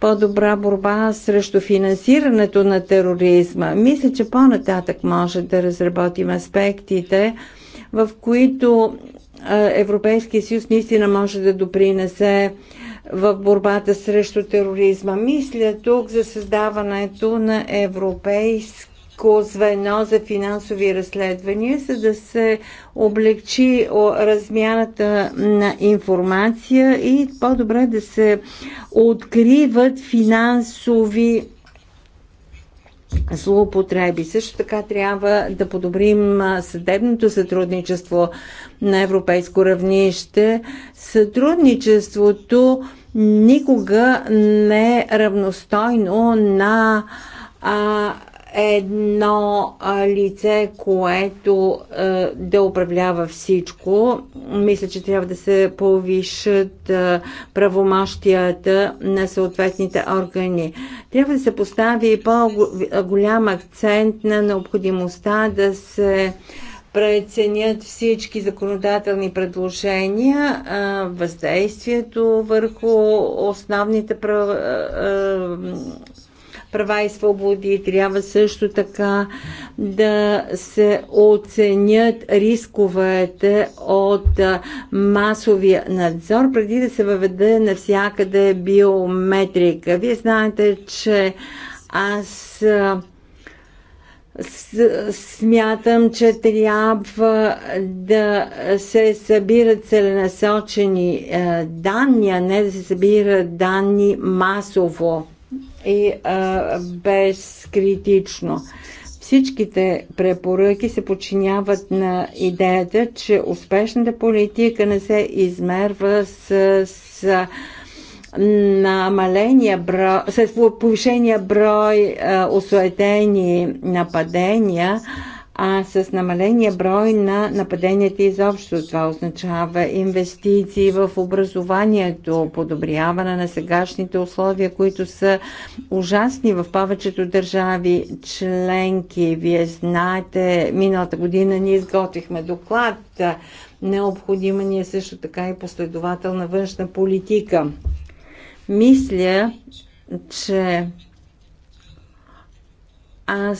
D: по-добра борба срещу финансирането на тероризма. Мисля, че по-нататък може да разработим аспектите, в които Европейския съюз наистина може да допринесе в борбата срещу тероризма. Мисля тук за създаването на европейско звено за финансови разследвания, за да се облегчи размяната на информация и по-добре да се откриват финансови злоупотреби. Също така трябва да подобрим съдебното сътрудничество на европейско равнище. Сътрудничеството никога не е равностойно на а, едно лице, което да управлява всичко. Мисля, че трябва да се повишат правомощията на съответните органи. Трябва да се постави по-голям акцент на необходимостта да се преценят всички законодателни предложения, въздействието върху основните права права и свободи. Трябва също така да се оценят рисковете от масовия надзор, преди да се въведе навсякъде биометрика. Вие знаете, че аз смятам, че трябва да се събират целенасочени данни, а не да се събират данни масово и а, безкритично. Всичките препоръки се подчиняват на идеята, че успешната политика не се измерва с, с намаления брой, с повишения брой а, осуетени нападения, а с намаления брой на нападенията изобщо. Това означава инвестиции в образованието, подобряване на сегашните условия, които са ужасни в повечето държави членки. Вие знаете, миналата година ние изготвихме доклад. Необходима ни е също така и последователна външна политика. Мисля, че аз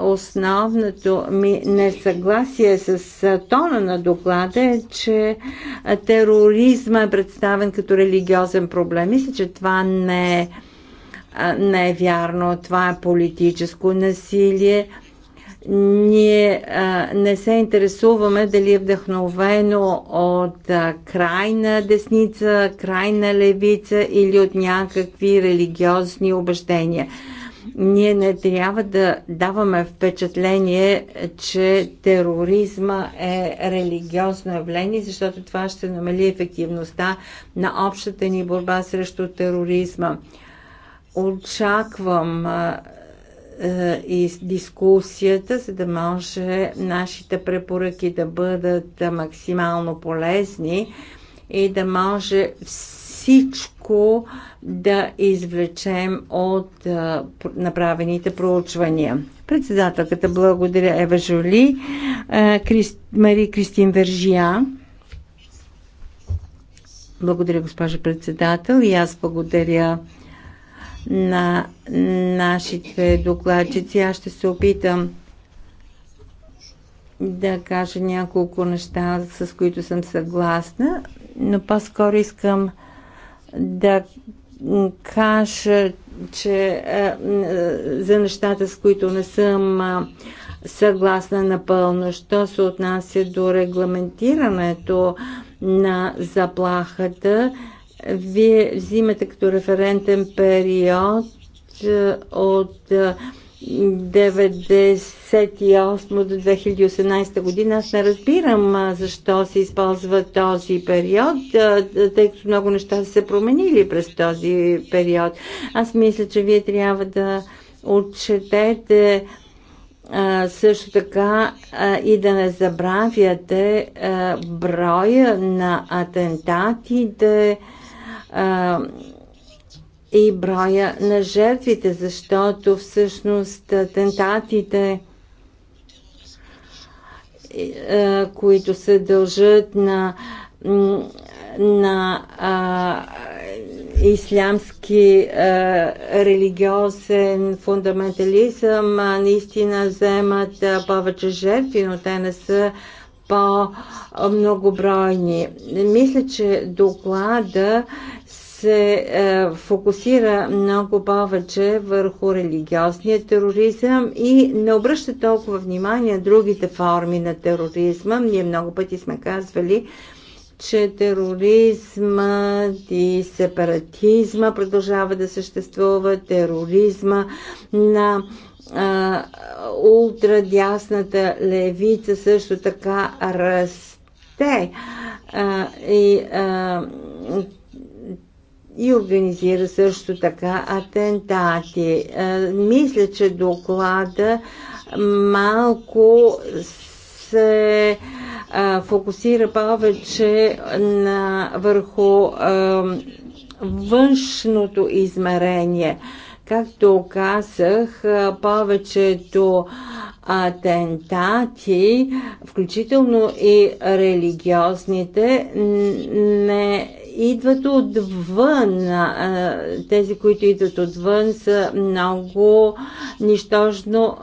D: Основното ми несъгласие с тона на доклада е, че тероризма е представен като религиозен проблем. Мисля, че това не е, не е вярно. Това е политическо насилие ние а, не се интересуваме дали е вдъхновено от а, крайна десница, крайна левица или от някакви религиозни убеждения. Ние не трябва да даваме впечатление, че тероризма е религиозно явление, защото това ще намали ефективността на общата ни борба срещу тероризма. Очаквам е, и дискусията, за да може нашите препоръки да бъдат максимално полезни и да може всеки всичко да извлечем от а, направените проучвания. Председателката благодаря Ева Жоли, а, Мари Кристин Вержия. Благодаря, госпожа председател. И аз благодаря на нашите докладчици. Аз ще се опитам да кажа няколко неща, с които съм съгласна, но по-скоро искам да кажа, че е, за нещата, с които не съм е, съгласна напълно, що се отнася до регламентирането на заплахата, вие взимате като референтен период е, от 1998 до 2018 година. Аз не разбирам защо се използва този период, тъй като много неща са се променили през този период. Аз мисля, че вие трябва да отчетете също така и да не забравяте броя на атентатите, и броя на жертвите, защото всъщност тентатите, които се дължат на, на а, ислямски а, религиозен фундаментализъм, а, наистина вземат а, повече жертви, но те не са по-многобройни. Мисля, че доклада се е, фокусира много повече върху религиозния тероризъм и не обръща толкова внимание другите форми на тероризма. Ние много пъти сме казвали, че тероризма и сепаратизма продължава да съществува, тероризма на а, е, ултрадясната левица също така расте. А, е, и а, е, и организира също така атентати. Е, мисля, че доклада малко се е, фокусира повече на, върху е, външното измерение. Както казах, повечето атентати, включително и религиозните, не идват отвън. Тези, които идват отвън, са много нищожно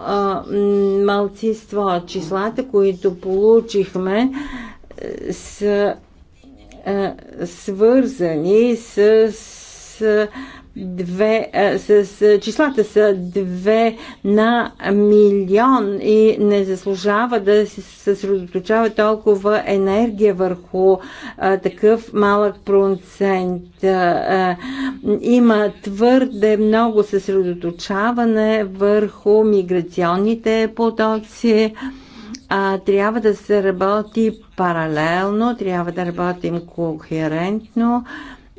D: малцинство. Числата, които получихме, са свързани с две, с, с числата са две на милион и не заслужава да се съсредоточава толкова енергия върху а, такъв малък процент. А, а, има твърде много съсредоточаване върху миграционните потоци. А, трябва да се работи паралелно, трябва да работим кохерентно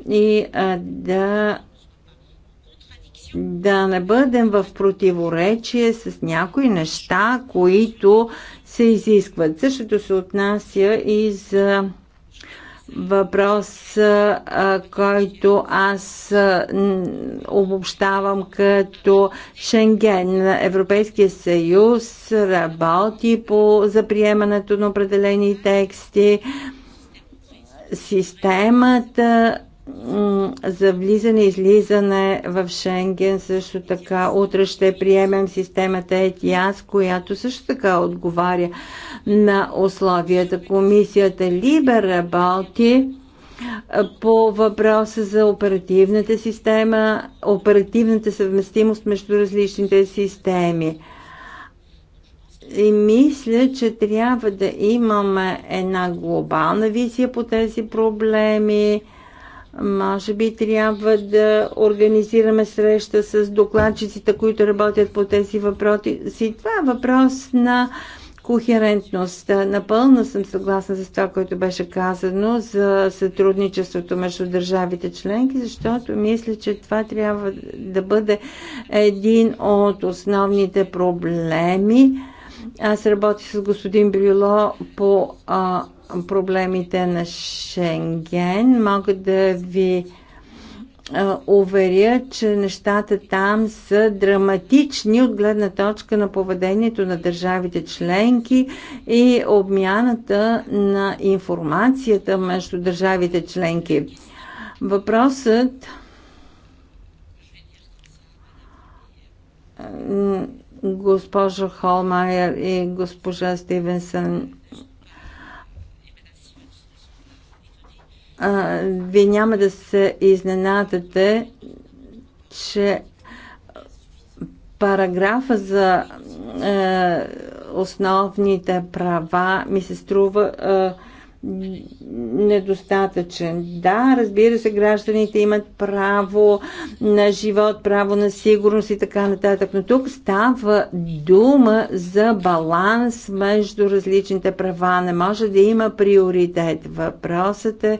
D: и а, да да не бъдем в противоречие с някои неща, които се изискват. Същото се отнася и за въпрос, който аз обобщавам като Шенген. Европейския съюз работи по, за приемането на определени тексти. Системата за влизане и излизане в Шенген също така. Утре ще приемем системата ETIAS, която също така отговаря на условията. Комисията Либер работи е, по въпроса за оперативната система, оперативната съвместимост между различните системи. И мисля, че трябва да имаме една глобална визия по тези проблеми може би трябва да организираме среща с докладчиците, които работят по тези въпроси. Това е въпрос на кохерентност. Напълно съм съгласна с това, което беше казано за сътрудничеството между държавите членки, защото мисля, че това трябва да бъде един от основните проблеми. Аз работих с господин Брило по а, проблемите на Шенген. Мога да ви уверя, че нещата там са драматични от гледна точка на поведението на държавите членки и обмяната на информацията между държавите членки. Въпросът госпожо Холмайер и госпожа Стивенсън а, вие няма да се изненадате, че параграфа за е, основните права ми се струва е, недостатъчен. Да, разбира се, гражданите имат право на живот, право на сигурност и така нататък, но тук става дума за баланс между различните права. Не може да има приоритет. Въпросът е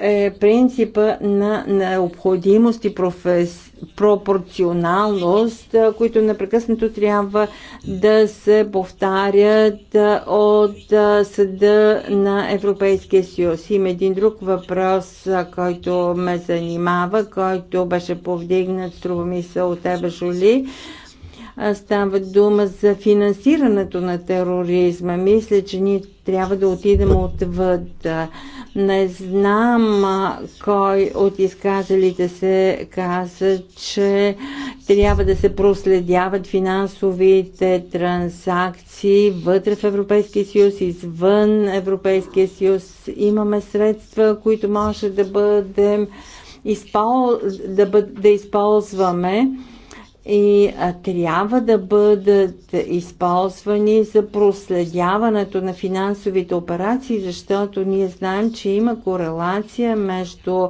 D: е принципа на необходимост и професия пропорционалност, които непрекъснато трябва да се повтарят от Съда на Европейския съюз. Има един друг въпрос, който ме занимава, който беше повдигнат, струва ми се, от тебе, Жули става дума за финансирането на тероризма. Мисля, че ние трябва да отидем отвъд. Не знам кой от изказалите се каза, че трябва да се проследяват финансовите транзакции вътре в Европейския съюз, извън Европейския съюз. Имаме средства, които може да бъдем да, бъд, да използваме и а, трябва да бъдат използвани за проследяването на финансовите операции, защото ние знаем, че има корелация между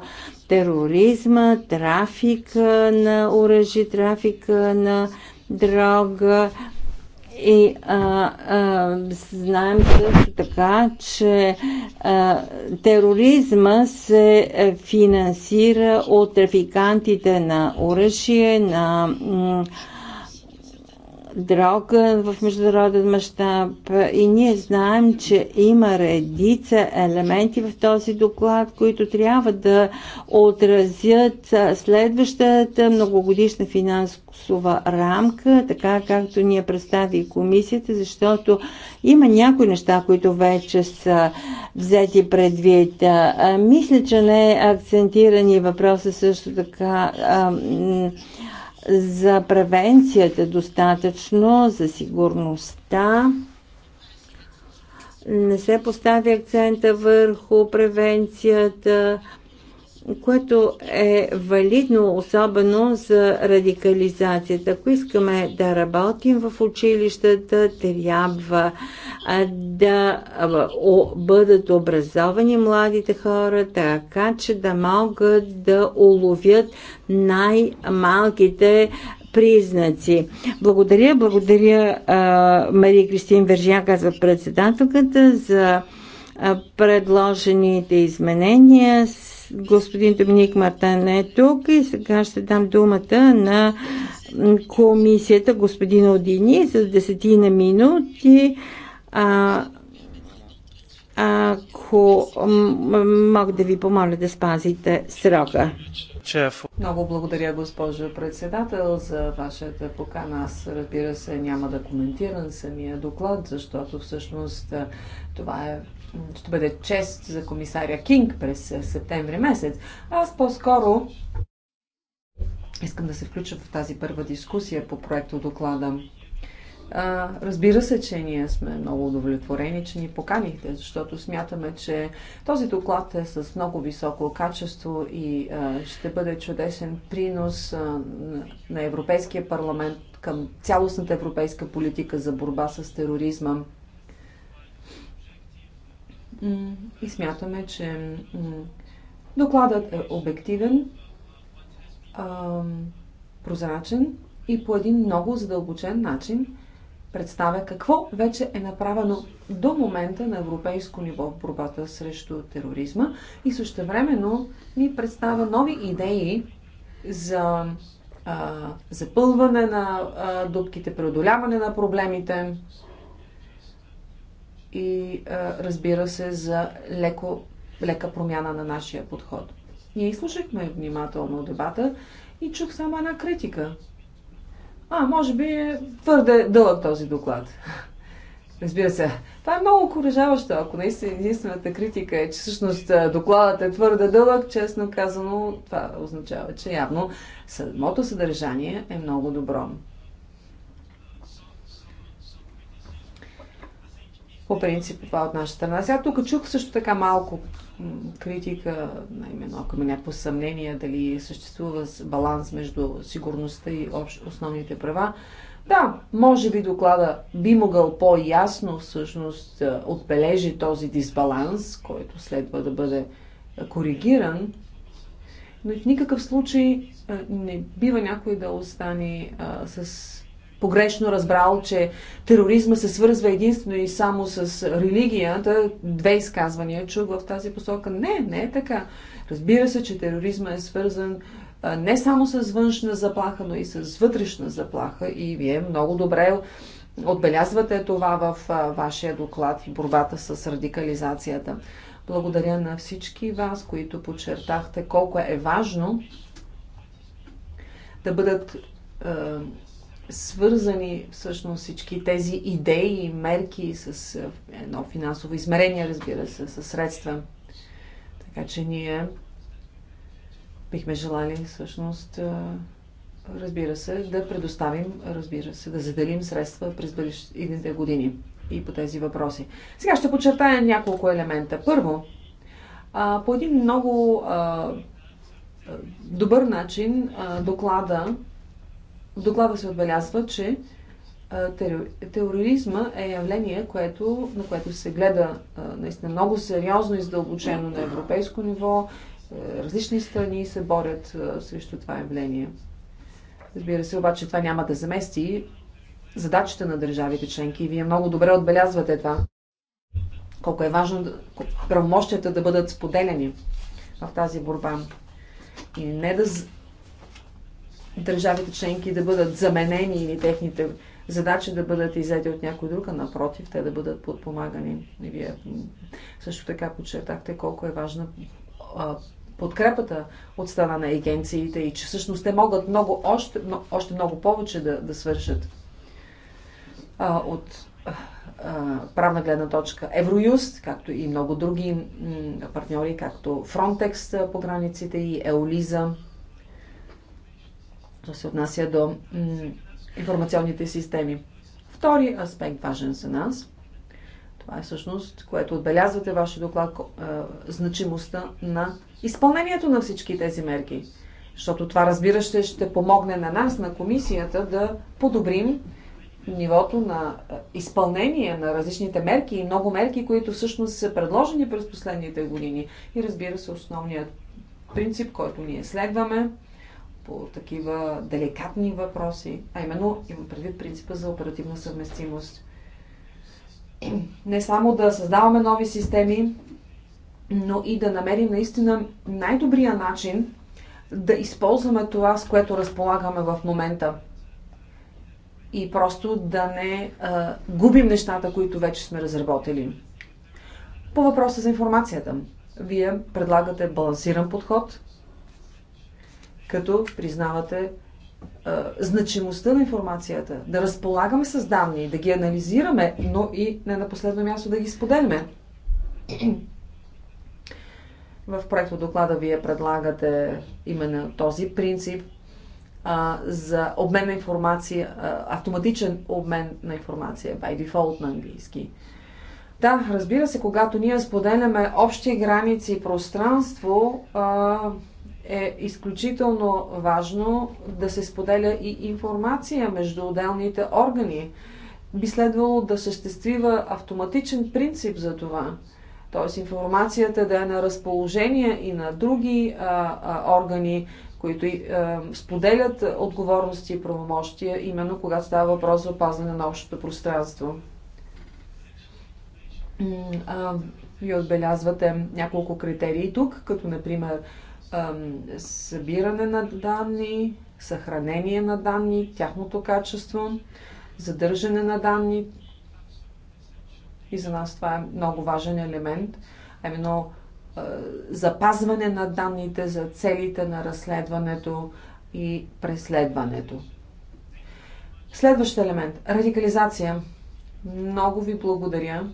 D: тероризма, трафика на оръжие, трафика на дрога, и а, а, знаем също така, че а, тероризма се финансира от трафикантите на оръжие, на м- дрога в международен мащаб и ние знаем, че има редица елементи в този доклад, които трябва да отразят следващата многогодишна финансова рамка, така както ни я представи и комисията, защото има някои неща, които вече са взети предвид. Мисля, че не е акцентирани въпроса също така за превенцията достатъчно, за сигурността. Не се поставя акцента върху превенцията, което е валидно особено за радикализацията. Ако искаме да работим в училищата, трябва да бъдат образовани младите хора, така че да могат да уловят най-малките признаци. Благодаря, благодаря Мария Кристин Вержия, казва председателката, за предложените изменения. Господин Доминик Мартан е тук и сега ще дам думата на комисията господин Одини за десетина минути а, ако мога да ви помоля да спазите срока.
C: Много благодаря, госпожо председател, за вашата покана. Аз, разбира се, няма да коментирам самия доклад, защото всъщност това е, ще бъде чест за комисаря Кинг през септември месец. Аз по-скоро искам да се включа в тази първа дискусия по проекто доклада. А, разбира се, че ние сме много удовлетворени, че ни поканихте, защото смятаме, че този доклад е с много високо качество и а, ще бъде чудесен принос а, на Европейския парламент към цялостната европейска политика за борба с тероризма. И смятаме, че докладът е обективен, прозрачен и по един много задълбочен начин представя какво вече е направено до момента на европейско ниво в борбата срещу тероризма и същевременно ни представя нови идеи за а, запълване на а, преодоляване на проблемите и а, разбира се за леко, лека промяна на нашия подход. Ние изслушахме внимателно дебата и чух само една критика – а, може би е твърде дълъг този доклад. Разбира се. Това е много окоръжаващо, ако наистина единствената критика е, че всъщност докладът е твърде дълъг, честно казано, това означава, че явно самото съдържание е много добро. по принцип това е от наша страна. Сега тук чух също така малко критика, именно ако има някакво съмнение дали съществува баланс между сигурността и общ, основните права. Да, може би доклада би могъл по-ясно всъщност е, отбележи този дисбаланс, който следва да бъде е, коригиран, но в никакъв случай не бива някой да остане с погрешно разбрал, че тероризма се свързва единствено и само с религията, две изказвания чух в тази посока. Не, не е така. Разбира се, че тероризма е свързан не само с външна заплаха, но и с вътрешна заплаха. И вие много добре отбелязвате това в вашия доклад и борбата с радикализацията. Благодаря на всички вас, които подчертахте колко е важно да бъдат свързани всъщност всички тези идеи и мерки с е, едно финансово измерение, разбира се, с средства. Така че ние бихме желали всъщност, е, разбира се, да предоставим, разбира се, да заделим средства през бъдещите години и по тези въпроси. Сега ще подчертая няколко елемента. Първо, по един много добър начин доклада в доклада се отбелязва, че тероризма е явление, което, на което се гледа наистина много сериозно и задълбочено на европейско ниво. Е, различни страни се борят срещу това явление. Разбира се, обаче това няма да замести задачите на държавите членки и вие много добре отбелязвате това. Колко е важно правомощията да бъдат споделени в тази борба. И не да държавите членки да бъдат заменени или техните задачи да бъдат иззети от някой друг, а напротив, те да бъдат подпомагани. И вие също така подчертахте колко е важна подкрепата от страна на агенциите и че всъщност те могат много, още, още много повече да, да свършат а, от а, правна гледна точка. Евроюст, както и много други партньори, както Фронтекс по границите и Еолиза това се отнася до информационните системи. Втори аспект важен за нас, това е всъщност, което отбелязвате вашия доклад, значимостта на изпълнението на всички тези мерки. Защото това, разбира се, ще помогне на нас, на комисията, да подобрим нивото на изпълнение на различните мерки и много мерки, които всъщност са предложени през последните години. И разбира се, основният принцип, който ние следваме, по такива деликатни въпроси, а именно имам предвид принципа за оперативна съвместимост. Не само да създаваме нови системи, но и да намерим наистина най-добрия начин да използваме това, с което разполагаме в момента. И просто да не а, губим нещата, които вече сме разработили. По въпроса за информацията. Вие предлагате балансиран подход, като признавате а, значимостта на информацията, да разполагаме с данни, да ги анализираме, но и не на последно място да ги споделяме. В проекто доклада вие предлагате именно този принцип а, за обмен на информация, а, автоматичен обмен на информация, by default на английски. Да, разбира се, когато ние споделяме общи граници и пространство, а, е изключително важно да се споделя и информация между отделните органи. Би следвало да съществува автоматичен принцип за това. Т.е. информацията да е на разположение и на други а, а, органи, които а, споделят отговорности и правомощия, именно когато става въпрос за опазване на общото пространство. А, вие отбелязвате няколко критерии тук, като например събиране на данни, съхранение на данни, тяхното качество, задържане на данни. И за нас това е много важен елемент, а именно запазване на данните за целите на разследването и преследването. Следващ елемент – радикализация. Много ви благодаря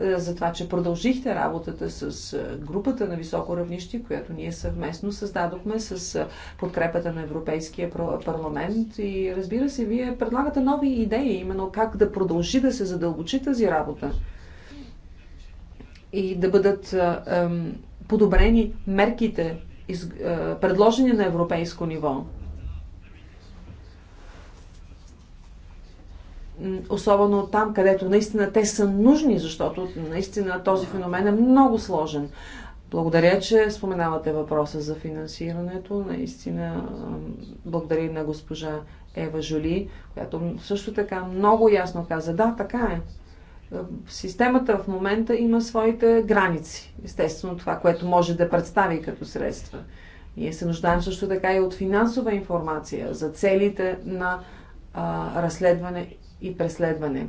C: е, за това, че продължихте работата с е, групата на високо равнище, която ние съвместно създадохме с е, подкрепата на Европейския парламент. И разбира се, вие предлагате нови идеи, именно как да продължи да се задълбочи тази работа и да бъдат подобрени мерките, предложени на европейско ниво. особено там, където наистина те са нужни, защото наистина този феномен е много сложен. Благодаря, че споменавате въпроса за финансирането. Наистина благодаря на госпожа Ева Жоли, която също така много ясно каза, да, така е. Системата в момента има своите граници. Естествено, това, което може да представи като средства. Ние се нуждаем също така и от финансова информация за целите на а, разследване и преследване.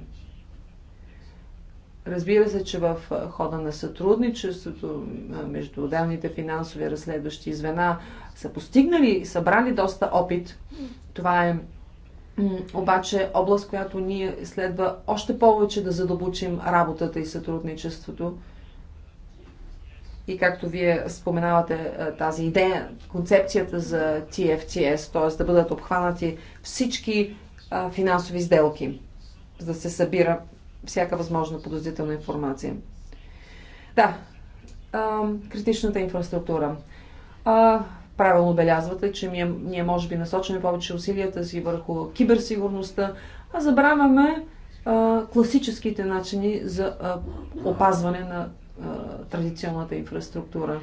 C: Разбира се, че в хода на сътрудничеството между отделните финансови разследващи звена са постигнали, събрали доста опит. Това е обаче област, която ние следва още повече да задълбочим работата и сътрудничеството. И както вие споменавате тази идея, концепцията за TFTS, т.е. да бъдат обхванати всички финансови сделки за да се събира всяка възможна подозрителна информация. Да, а, критичната инфраструктура. А, правилно отбелязвате, че ние, ние може би насочваме повече усилията си върху киберсигурността, а забравяме а, класическите начини за а, опазване на а, традиционната инфраструктура.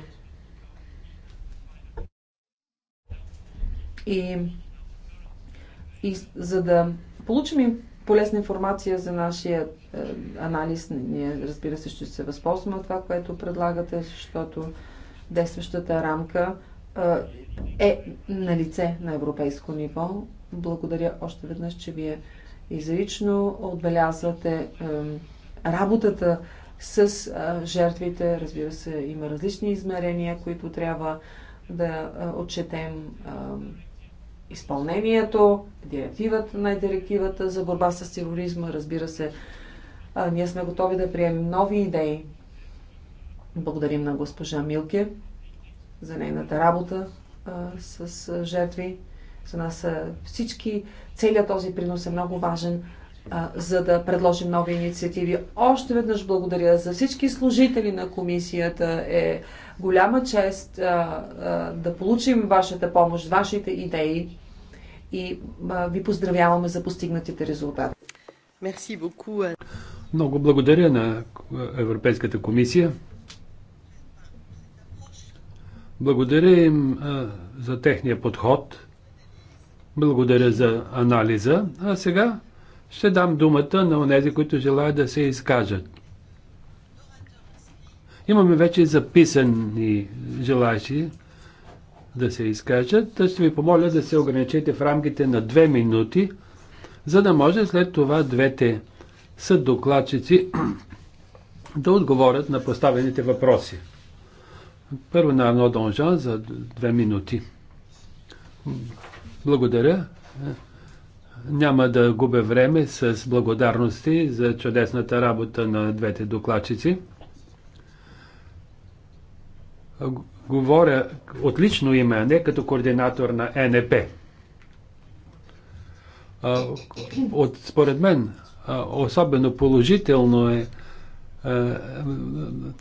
C: И, и за да получим полезна информация за нашия е, анализ. Ние, разбира се, ще се възползваме от това, което предлагате, защото действащата рамка е, е на лице на европейско ниво. Благодаря още веднъж, че вие изрично отбелязвате е, работата с жертвите. Разбира се, има различни измерения, които трябва да отчетем изпълнението, директивата на директивата за борба с тероризма. Разбира се, ние сме готови да приемем нови идеи. Благодарим на госпожа Милке за нейната работа с жертви. За нас всички, целият този принос е много важен за да предложим нови инициативи. Още веднъж благодаря за всички служители на комисията. Е голяма чест а, а, да получим вашата помощ, вашите идеи и ви поздравяваме за постигнатите резултати.
A: Мерси боку.
B: Много благодаря на Европейската комисия. Благодаря им за техния подход. Благодаря за анализа. А сега ще дам думата на онези, които желаят да се изкажат. Имаме вече записани желаящи да се изкажат. Ще ви помоля да се ограничите в рамките на две минути, за да може след това двете съдокладчици да отговорят на поставените въпроси. Първо на Арно Донжан за две минути. Благодаря. Няма да губя време с благодарности за чудесната работа на двете докладчици говоря от лично име, а не като координатор на НП. От, според мен, особено положително е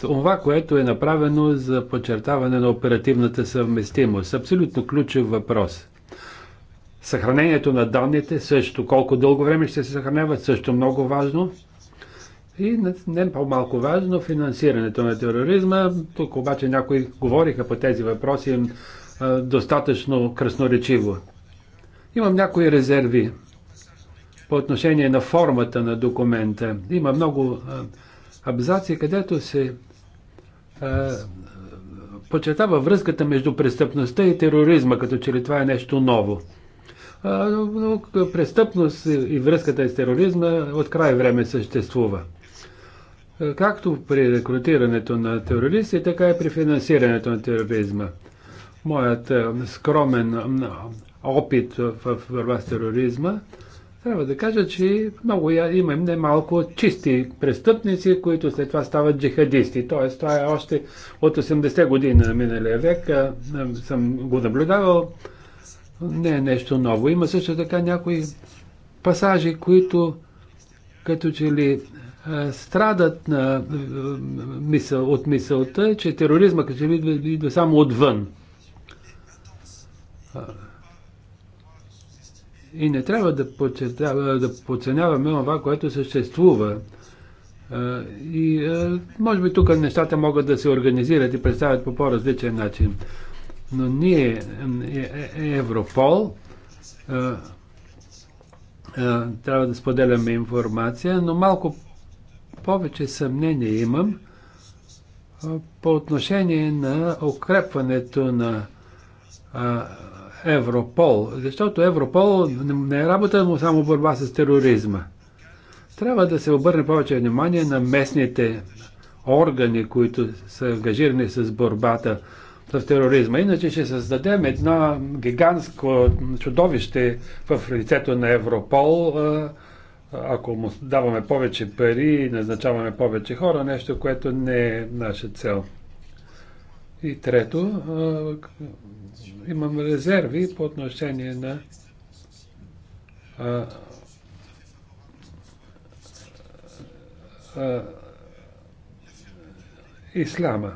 B: това, което е направено за подчертаване на оперативната съвместимост. Абсолютно ключов въпрос. Съхранението на данните също, колко дълго време ще се съхраняват, също много важно. И не по-малко важно, финансирането на тероризма. Тук обаче някои говориха по тези въпроси достатъчно красноречиво. Имам някои резерви по отношение на формата на документа. Има много абзаци, където се почетава връзката между престъпността и тероризма, като че ли това е нещо ново. но престъпност и връзката с тероризма от край време съществува. Е, както при рекрутирането на терористи, така и при финансирането на тероризма. Моят е, скромен е, опит в борба с тероризма трябва да кажа, че много има немалко чисти престъпници, които след това стават джихадисти. Тоест, това е още от 80-те години на миналия век. Съм го наблюдавал. Не е нещо ново. Има също така някои пасажи, които като че ли е, страдат на, е, мисъл, от мисълта, че тероризма като че идва, идва само отвън. Е, и не трябва да, да подценяваме това, което съществува. И може би тук нещата могат да се организират и представят по по-различен начин. Но ние, Европол, трябва да споделяме информация, но малко повече съмнение имам по отношение на укрепването на Европол, защото Европол не е работа му само борба с тероризма. Трябва да се обърне повече внимание на местните органи, които са ангажирани с борбата с тероризма. Иначе ще създадем едно гигантско чудовище в лицето на Европол, ако му даваме повече пари и назначаваме повече хора, нещо, което не е наша цел. И трето, имам резерви по отношение на Исляма. ислама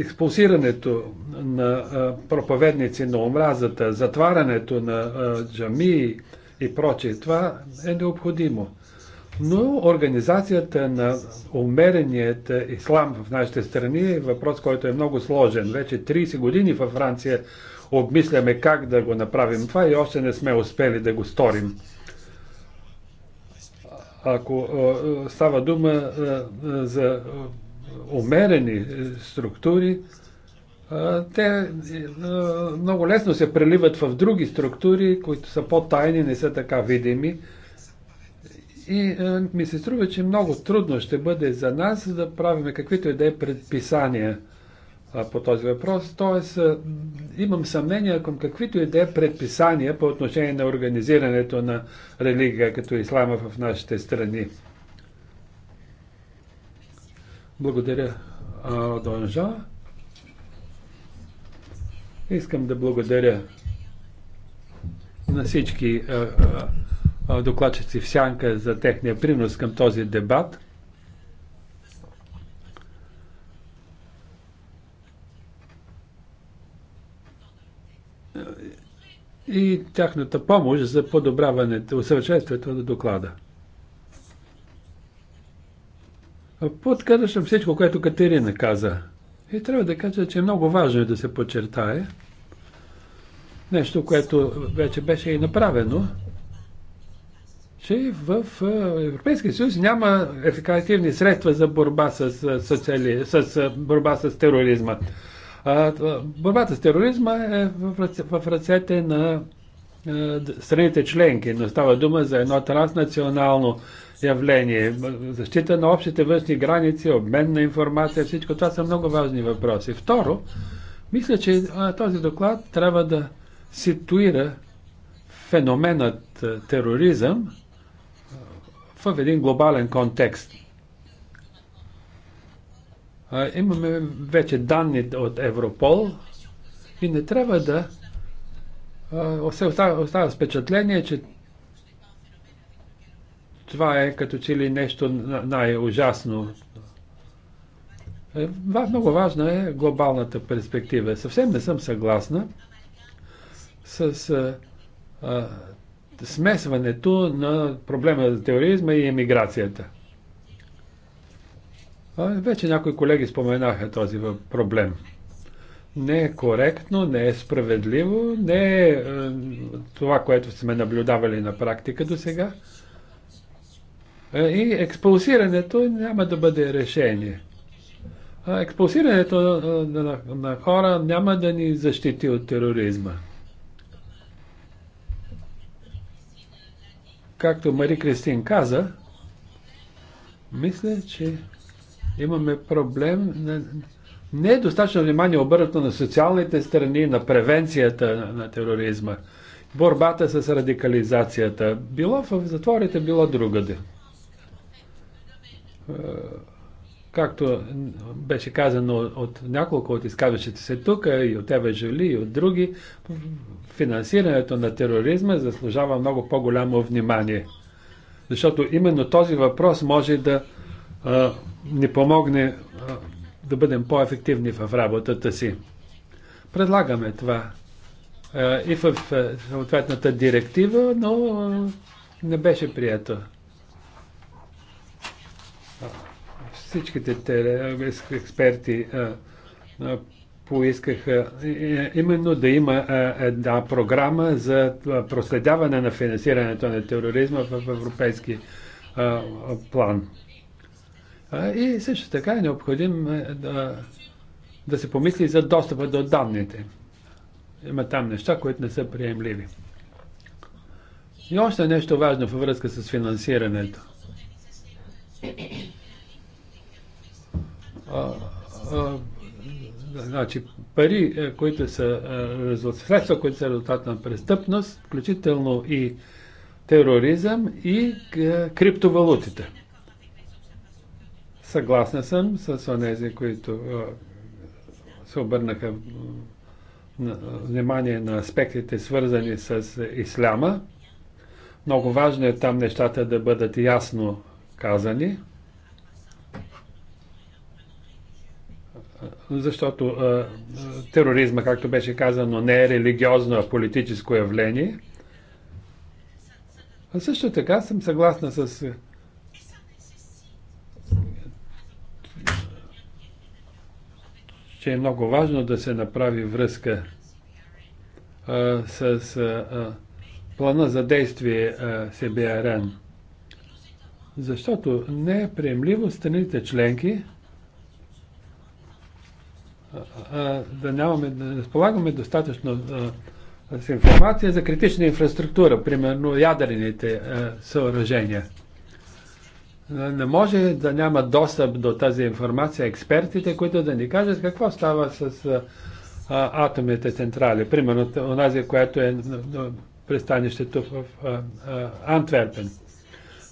B: експулсирането на проповедници на омразата, затварянето на джамии и прочее, това е необходимо. Но организацията на умереният ислам в нашите страни е въпрос, който е много сложен. Вече 30 години във Франция обмисляме как да го направим това и още не сме успели да го сторим. Ако става дума за умерени е, структури, те е, много лесно се преливат в други структури, които са по-тайни, не са така видими. И ми се струва, че много трудно ще бъде за нас да правим каквито и да е предписания по този въпрос. Тоест, имам съмнение към каквито и да е предписания по отношение на организирането на религия като ислама в нашите страни. Благодаря, Донжа. Искам да благодаря на всички докладчици в Сянка за техния принос към този дебат. И тяхната помощ за подобряването, усъвършенстването на доклада. Подкъдъл съм всичко, което Катерина каза. И трябва да кажа, че е много важно е да се подчертае нещо, което вече беше и направено, че в Европейския съюз няма ефективни средства за борба с, социали... с, борба с тероризма. А, борбата с тероризма е в, в ръцете на страните членки, но става дума за едно транснационално явление. Защита на общите външни граници, обмен на информация, всичко това са много важни въпроси. Второ, мисля, че този доклад трябва да ситуира феноменът тероризъм в един глобален контекст. Имаме вече данни от Европол и не трябва да се оставя, оставя впечатление, че това е като че ли нещо най-ужасно. Е, много важна е глобалната перспектива. Съвсем не съм съгласна с а, а, смесването на проблема за теоризма и емиграцията. А, вече някои колеги споменаха този проблем. Не е коректно, не е справедливо, не е, е това, което сме наблюдавали на практика до сега. Е, и експулсирането няма да бъде решение. Експулсирането на, на, на хора няма да ни защити от тероризма. Както Мари Кристин каза, мисля, че имаме проблем на не е достатъчно внимание обърнато на социалните страни, на превенцията на, на тероризма, борбата с радикализацията. Било в затворите, било другаде. Е, както беше казано от няколко от изказващите се тук, и от Ева Жули, и от други, финансирането на тероризма заслужава много по-голямо внимание. Защото именно този въпрос може да а, ни помогне а, да бъдем по-ефективни в работата си. Предлагаме това а, и в съответната директива, но а, не беше прието. Всичките теле, експерти поискаха именно да има една програма за проследяване на финансирането на тероризма в европейски план. И също така е необходим да, да се помисли за достъпа до данните. Има там неща, които не са приемливи. И още нещо важно във връзка с финансирането значи, пари, е, които са е, резултат, средства, които са резултат на престъпност, включително и тероризъм и е, криптовалутите. Съгласна съм с онези, които се обърнаха внимание на аспектите, свързани с исляма. Много важно е там нещата да бъдат ясно казани. защото а, тероризма, както беше казано, не е религиозно, а политическо явление. А също така съм съгласна с че е много важно да се направи връзка а, с а, плана за действие СБРН. Защото не е приемливо страните членки да нямаме, да разполагаме достатъчно с информация за критична инфраструктура, примерно ядрените съоръжения. Не може да няма достъп до тази информация експертите, които да ни кажат какво става с атомните централи. Примерно онази, която е на пристанището в Антверпен.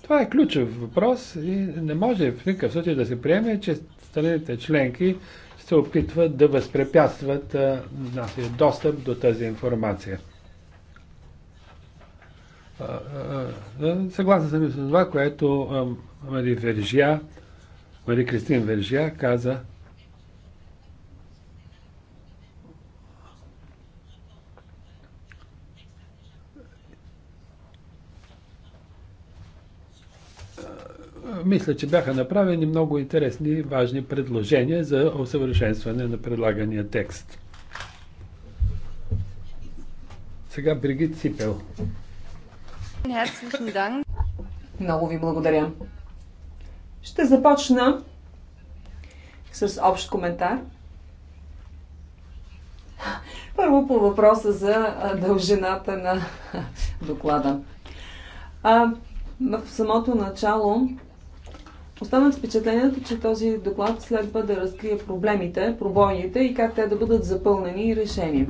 B: Това е ключов въпрос и не може в никакъв случай да се приеме, че страните членки се опитват да възпрепятстват нашия достъп до тази информация. Съгласен съм и с това, което Мари Вержия, Мари Кристин Вержия каза мисля, че бяха направени много интересни и важни предложения за усъвършенстване на предлагания текст. Сега Бригит Сипел.
C: Много ви благодаря. Ще започна с общ коментар. Първо по въпроса за дължината на доклада. А, в самото начало Останах с впечатлението, че този доклад следва да разкрие проблемите, пробойните и как те да бъдат запълнени и решени.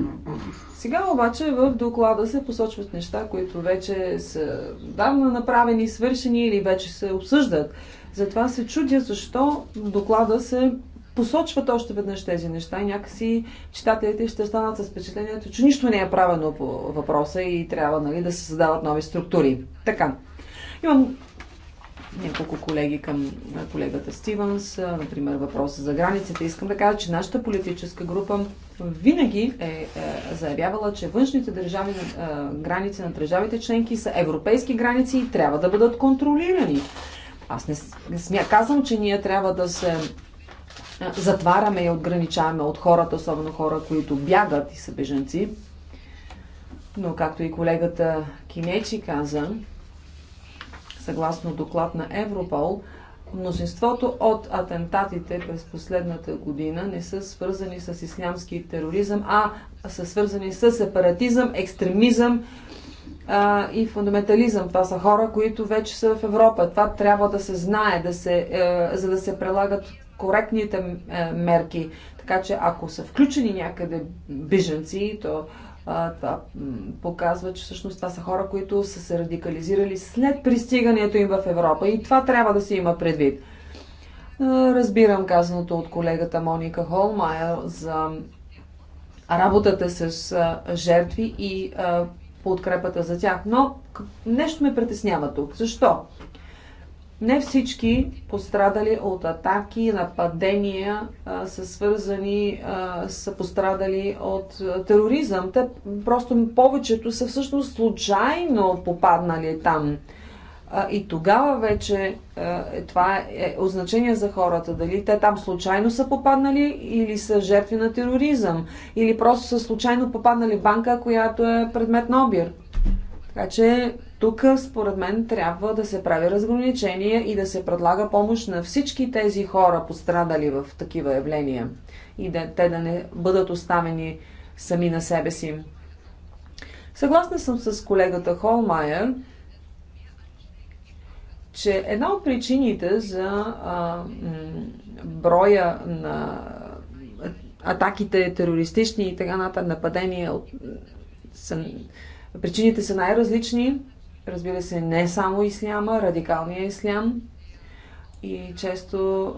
C: Сега обаче в доклада се посочват неща, които вече са давно направени, свършени или вече се обсъждат. Затова се чудя защо доклада се посочват още веднъж тези неща и някакси читателите ще станат с впечатлението, че нищо не е правено по въпроса и трябва нали, да се създават нови структури. Така. Имам няколко колеги към колегата Стивенс, например въпроса за границите. Искам да кажа, че нашата политическа група винаги е, е заявявала, че външните държави, е, граници на държавите членки са европейски граници и трябва да бъдат контролирани. Аз не, не смя, казвам, че ние трябва да се затваряме и отграничаваме от хората, особено хора, които бягат и са беженци. Но както и колегата Кинечи каза, съгласно доклад на Европол, мнозинството от атентатите през последната година не са свързани с ислямски тероризъм, а са свързани с сепаратизъм, екстремизъм а, и фундаментализъм. Това са хора, които вече са в Европа. Това трябва да се знае, да се, а, е, за да се прилагат коректните е, мерки. Така че ако са включени някъде беженци, то това показва, че всъщност това са хора, които са се радикализирали след пристигането им в Европа. И това трябва да се има предвид. Разбирам казаното от колегата Моника Холмайер за работата с жертви и подкрепата за тях, но нещо ме притеснява тук. Защо? Не всички пострадали от атаки, нападения са свързани, са пострадали от тероризъм. Те просто повечето са всъщност случайно попаднали там. и тогава вече е, това е, е означение за хората. Дали те там случайно са попаднали или са жертви на тероризъм. Или просто са случайно попаднали банка, която е предмет на обир. Така че тук, според мен, трябва да се прави разграничение и да се предлага помощ на всички тези хора, пострадали в такива явления, и да, те да не бъдат оставени сами на себе си. Съгласна съм с колегата Холмайер, че една от причините за а, броя на атаките, терористични и така нататък нападения от, са, причините са най-различни. Разбира се, не само исляма, радикалния ислям. И често,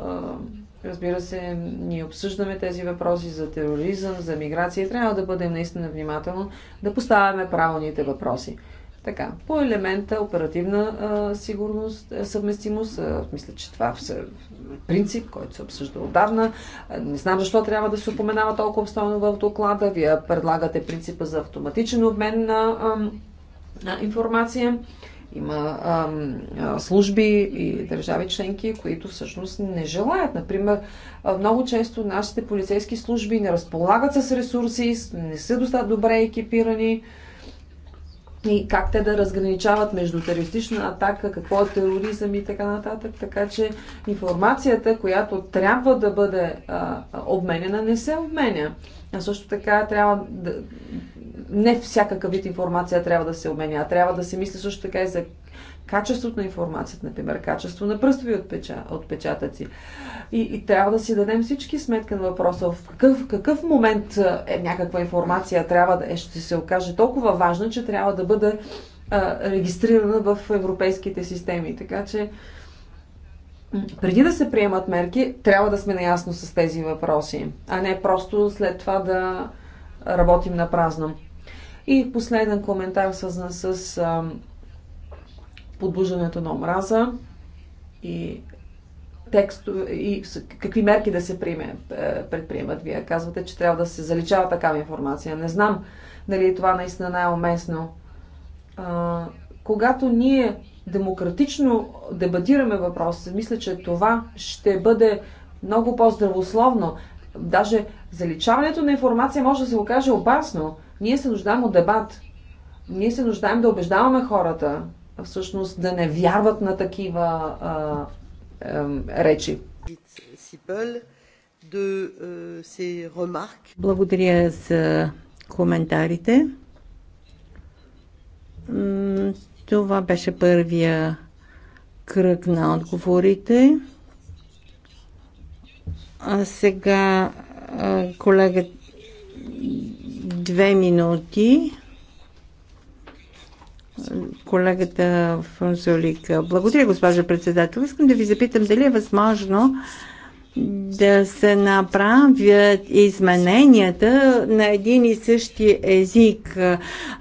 C: разбира се, ние обсъждаме тези въпроси за тероризъм, за миграция. Трябва да бъдем наистина внимателно, да поставяме правилните въпроси. Така, по елемента оперативна а, сигурност, съвместимост, а, мисля, че това е принцип, който се обсъжда отдавна. А, не знам защо трябва да се упоменава толкова обстойно в доклада. Вие предлагате принципа за автоматичен обмен на а, информация. Има ам, служби и държави членки, които всъщност не желаят. Например, много често нашите полицейски служби не разполагат с ресурси, не са достатъчно добре екипирани и как те да разграничават между терористична атака, какво е тероризъм и така нататък. Така че информацията, която трябва да бъде а, обменена, не се обменя. А също така трябва да... Не всякакъв вид информация трябва да се обменя, а трябва да се мисли също така и за качеството на информацията, например, качество на пръстови отпеча, отпечатъци. И, и трябва да си дадем всички сметка на въпроса в какъв, какъв момент е, някаква информация трябва да е, ще се окаже толкова важна, че трябва да бъде а, регистрирана в европейските системи. Така че преди да се приемат мерки, трябва да сме наясно с тези въпроси, а не просто след това да работим на празно. И последен коментар свързан с а, подбуждането на омраза и текстове и какви мерки да се приеме, е, предприемат. Вие казвате, че трябва да се заличава такава информация. Не знам дали това наистина най-уместно. Когато ние демократично дебатираме въпроса, мисля, че това ще бъде много по-здравословно. Даже заличаването на информация може да се окаже опасно. Ние се нуждаем от дебат. Ние се нуждаем да убеждаваме хората, всъщност да не вярват на такива а, а, речи.
A: Е,
D: Благодаря за коментарите. Това беше първия кръг на отговорите. А сега е, колега две минути колегата Фунзолика. Благодаря, госпожа председател. Искам да ви запитам дали е възможно да се направят измененията на един и същи език.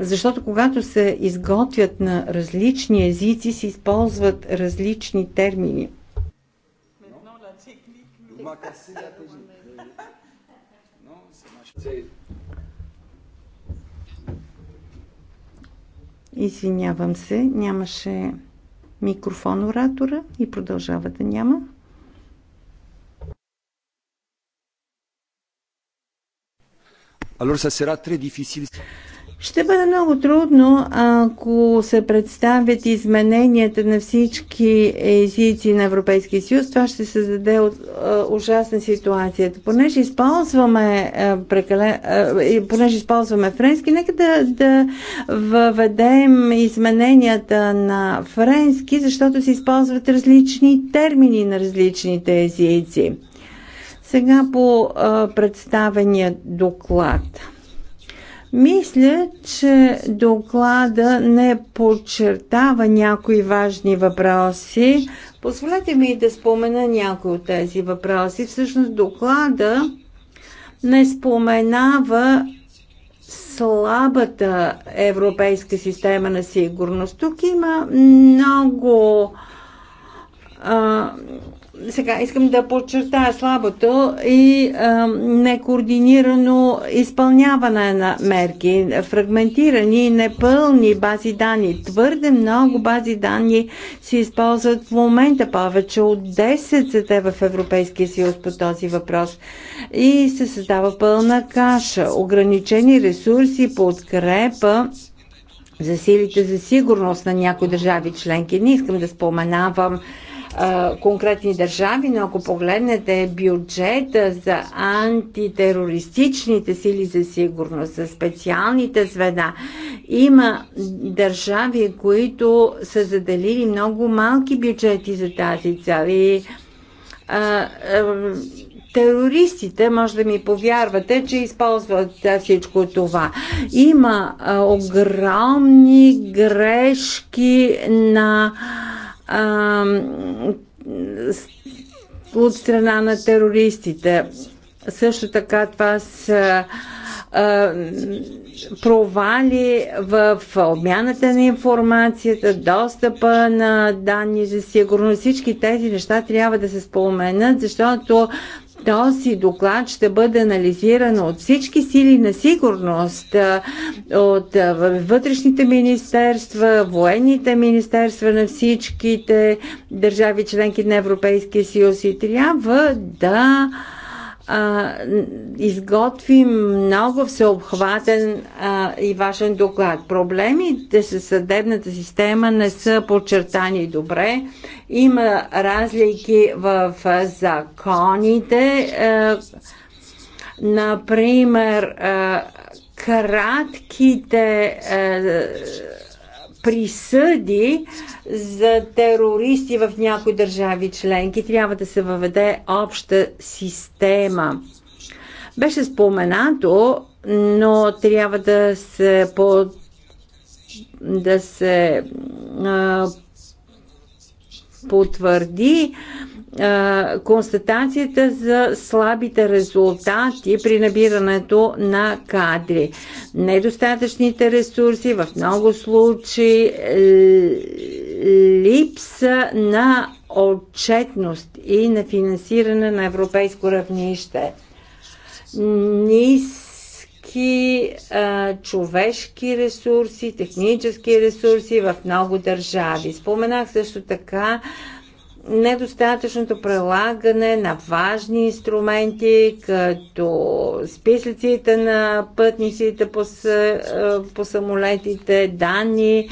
D: Защото когато се изготвят на различни езици, се използват различни термини. Извинявам се, нямаше микрофон оратора и продължава да няма.
C: Alors ça sera très difficile.
D: Ще бъде много трудно, ако се представят измененията на всички езици на Европейския съюз. Това ще създаде ужасна ситуация. Понеже използваме, прекале, понеже използваме френски, нека да, да въведем измененията на френски, защото се използват различни термини на различните езици. Сега по представения доклад. Мисля, че доклада не подчертава някои важни въпроси. Позволете ми да спомена някои от тези въпроси. Всъщност доклада не споменава слабата европейска система на сигурност. Тук има много а, сега искам да подчертая слабото и а, некоординирано изпълняване на мерки, фрагментирани и непълни бази данни. Твърде много бази данни се използват в момента повече от 10 са те в Европейския съюз по този въпрос. И се създава пълна каша, ограничени ресурси, подкрепа за силите за сигурност на някои държави членки. Не искам да споменавам конкретни държави, но ако погледнете бюджета за антитерористичните сили за сигурност, за специалните звена, има държави, които са заделили много малки бюджети за тази цел. И, а, а, терористите, може да ми повярвате, че използват всичко това. Има а, огромни грешки на а, а, от страна на терористите. Също така това са а, провали в обмяната на информацията, достъпа на данни за сигурност. Всички тези неща трябва да се споменат, защото този доклад ще бъде анализиран от всички сили на сигурност, от вътрешните министерства, военните министерства на всичките държави членки на Европейския съюз и трябва да а, изготвим много всеобхватен а, и важен доклад. Проблемите с съдебната система не са подчертани добре. Има разлики в законите. А, например, а, кратките а, присъди за терористи в някои държави членки. Трябва да се въведе обща система. Беше споменато, но трябва да се по, да се а, потвърди а, констатацията за слабите резултати при набирането на кадри. Недостатъчните ресурси в много случаи е, липса на отчетност и на финансиране на европейско равнище. Нис а, човешки ресурси, технически ресурси в много държави. Споменах също така недостатъчното прилагане на важни инструменти, като списъците на пътниците по, е, по самолетите, данни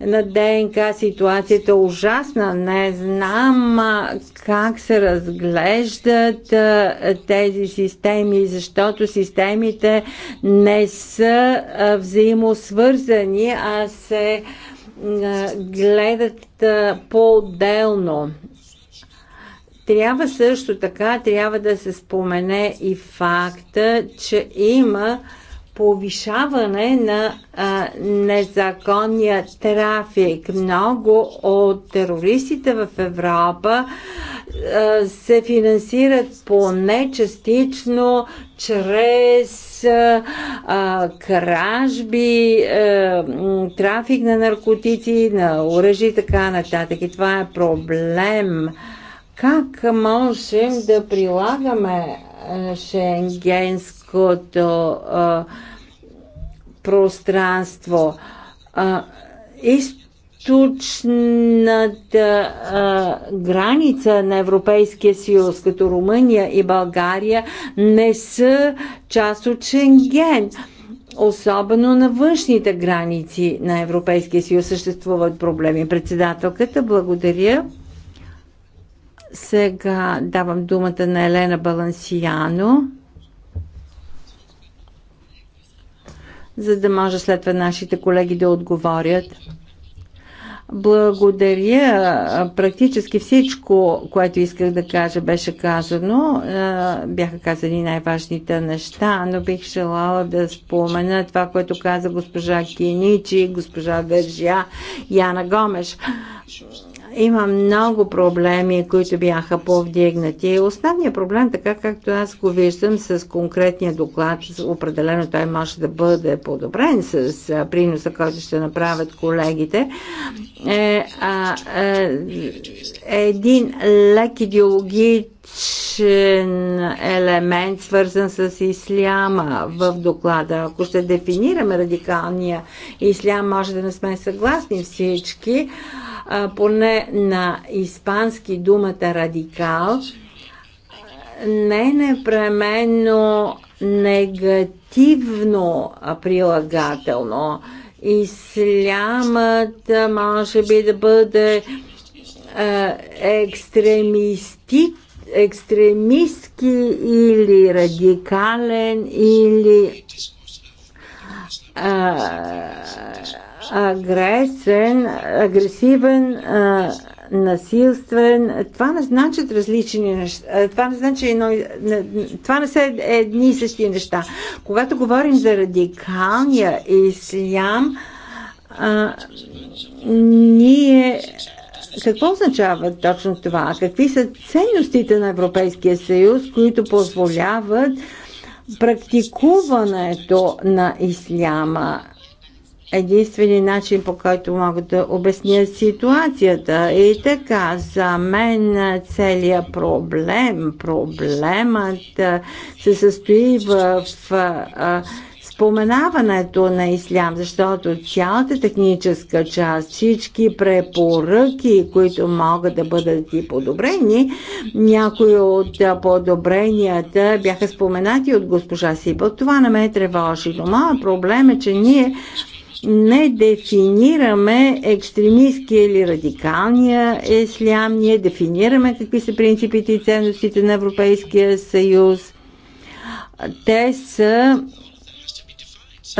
D: на ДНК. Ситуацията е ужасна. Не знам как се разглеждат тези системи, защото системите не са взаимосвързани, а се гледат по-отделно. Трябва също така, трябва да се спомене и факта, че има повишаване на а, незаконния трафик. Много от терористите в Европа е, се финансират поне частично чрез а, е, е, кражби, а, трафик на наркотици, на оръжи и така нататък. И това е проблем. Как можем да прилагаме шенгенското а, пространство? А, източната а, граница на Европейския съюз, като Румъния и България, не са част от Шенген. Особено на външните граници на Европейския съюз съществуват проблеми. Председателката, благодаря. Сега давам думата на Елена Балансияно. за да може след това нашите колеги да отговорят. Благодаря. Практически всичко, което исках да кажа, беше казано. Е, бяха казани най-важните неща, но бих желала да спомена това, което каза госпожа Киничи, госпожа Вержия, Яна Гомеш. Има много проблеми, които бяха повдигнати. Основният проблем, така както аз го виждам с конкретния доклад, определено той може да бъде подобрен с приноса, който ще направят колегите, е, а, е, е един лек идеологичен елемент, свързан с исляма в доклада. Ако ще дефинираме радикалния ислям, може да не сме съгласни всички. А, поне на испански думата радикал, не е непременно негативно прилагателно. Ислямът може би да бъде екстремистик, екстремистки или радикален или а, агресен, агресивен, а, насилствен. Това не значат различни неща. Това не значи едно. Това не са едни и същи неща. Когато говорим за радикалния ислям, а, ние какво означава точно това? Какви са ценностите на Европейския съюз, които позволяват практикуването на исляма? единствени начин, по който мога да обясня ситуацията. И така, за мен целият проблем, проблемът се състои в, споменаването на ислям, защото цялата техническа част, всички препоръки, които могат да бъдат и подобрени, някои от подобренията бяха споменати от госпожа Сипа. Това не мен е тревожи, но Моят проблем е, че ние не дефинираме екстремистския или радикалния ислям, ние дефинираме какви са принципите и ценностите на Европейския съюз. Те са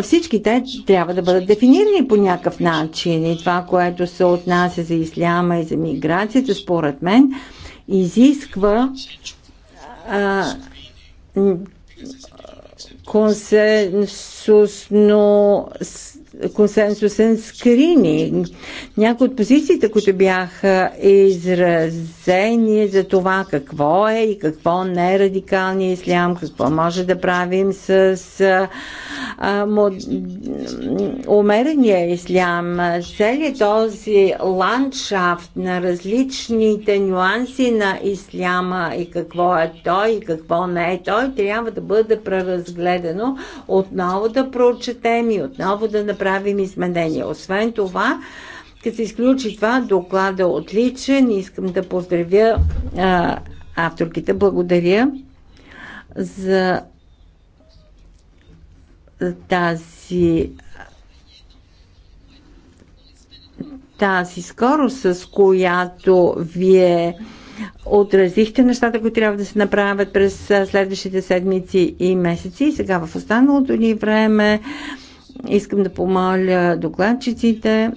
D: всички те трябва да бъдат дефинирани по някакъв начин и това, което се отнася за исляма и за миграцията, според мен, изисква а, консенсусно консенсусен скрининг. Някои от позициите, които бяха изразени за това какво е и какво не е радикалния ислям, какво може да правим с а, мод... умерения ислям, целият този ландшафт на различните нюанси на исляма и какво е той и какво не е той, трябва да бъде преразгледано, отново да прочетем и отново да направим правим изменения. Освен това, като се изключи това, доклада е отличен. Искам да поздравя а, авторките. Благодаря за тази тази скорост, с която вие отразихте нещата, които трябва да се направят през следващите седмици и месеци. И сега в останалото ни време Искам да помоля докладчиците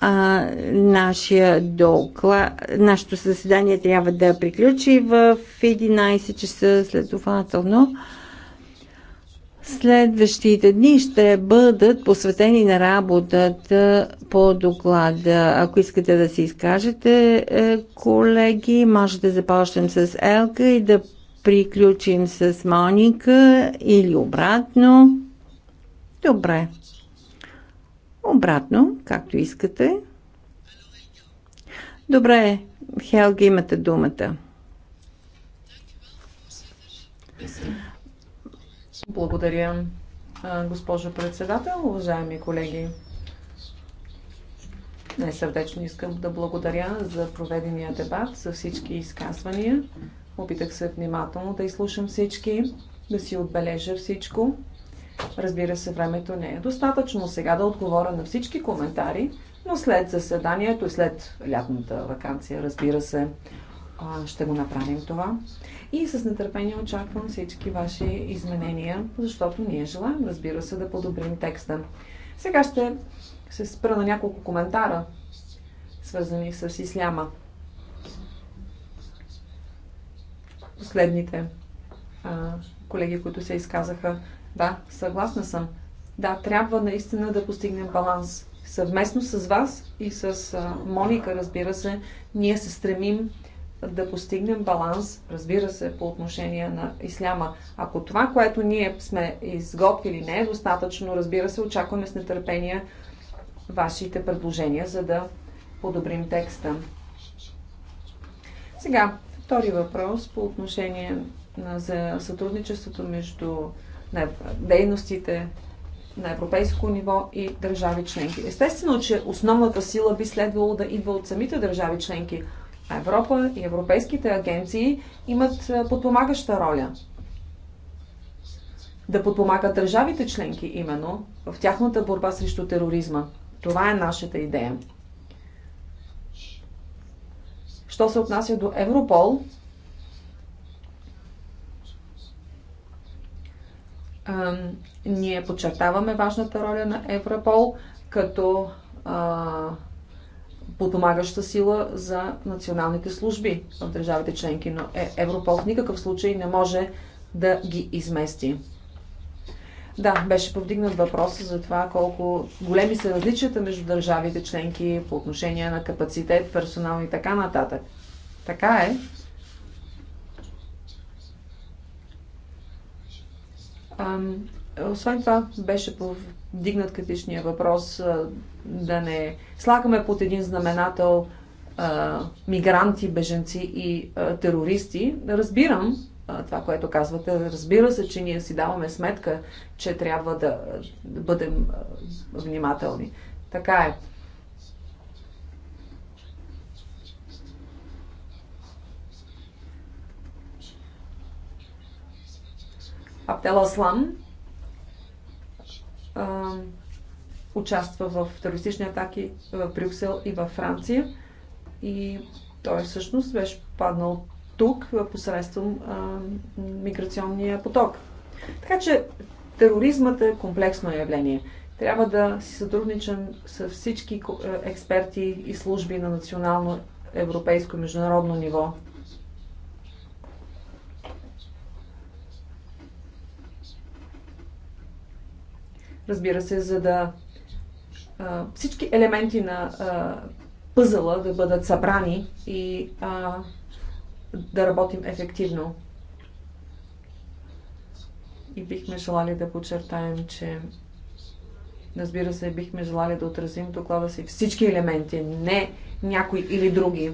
D: а, нашия нашето заседание трябва да приключи в 11 часа следователно. Следващите дни ще бъдат посветени на работата по доклада. Ако искате да се изкажете, е, колеги, може да започнем с Елка и да приключим с Моника или обратно. Добре. Обратно, както искате. Добре, Хелги, имате думата.
C: Благодаря, госпожо председател, уважаеми колеги. Най-сърдечно искам да благодаря за проведения дебат, за всички изказвания. Опитах се внимателно да изслушам всички, да си отбележа всичко. Разбира се, времето не е достатъчно сега да отговоря на всички коментари, но след заседанието и след лятната вакансия, разбира се, ще го направим това. И с нетърпение очаквам всички ваши изменения, защото ние желаем, разбира се, да подобрим текста. Сега ще се спра на няколко коментара, свързани с исляма. Последните а, колеги, които се изказаха, да, съгласна съм. Да, трябва наистина да постигнем баланс. Съвместно с вас и с Моника, разбира се, ние се стремим да постигнем баланс, разбира се, по отношение на исляма. Ако това, което ние сме изготвили не е достатъчно, разбира се, очакваме с нетърпение вашите предложения, за да подобрим текста. Сега, втори въпрос по отношение на, за сътрудничеството между на дейностите на европейско ниво и държави членки. Естествено, че основната сила би следвало да идва от самите държави членки, а Европа и европейските агенции имат подпомагаща роля. Да подпомагат държавите членки именно в тяхната борба срещу тероризма. Това е нашата идея. Що се отнася до Европол, ние подчертаваме важната роля на Европол като подпомагаща сила за националните служби в държавите членки, но е, Европол в никакъв случай не може да ги измести. Да, беше повдигнат въпрос за това колко големи са различията между държавите членки по отношение на капацитет, персонал и така нататък. Така е, Освен това беше повдигнат критичния въпрос да не слагаме под един знаменател мигранти, беженци и терористи. Разбирам това, което казвате. Разбира се, че ние си даваме сметка, че трябва да бъдем внимателни. Така е. Абделаслам участва в терористични атаки в Брюксел и във Франция. И той всъщност беше паднал тук посредством а, миграционния поток. Така че тероризмът е комплексно явление. Трябва да си сътрудничам с всички е, експерти и служби на национално, европейско и международно ниво, Разбира се, за да а, всички елементи на а, пъзъла да бъдат събрани и а, да работим ефективно. И бихме желали да подчертаем, че разбира се, бихме желали да отразим доклада си всички елементи, не някои или други.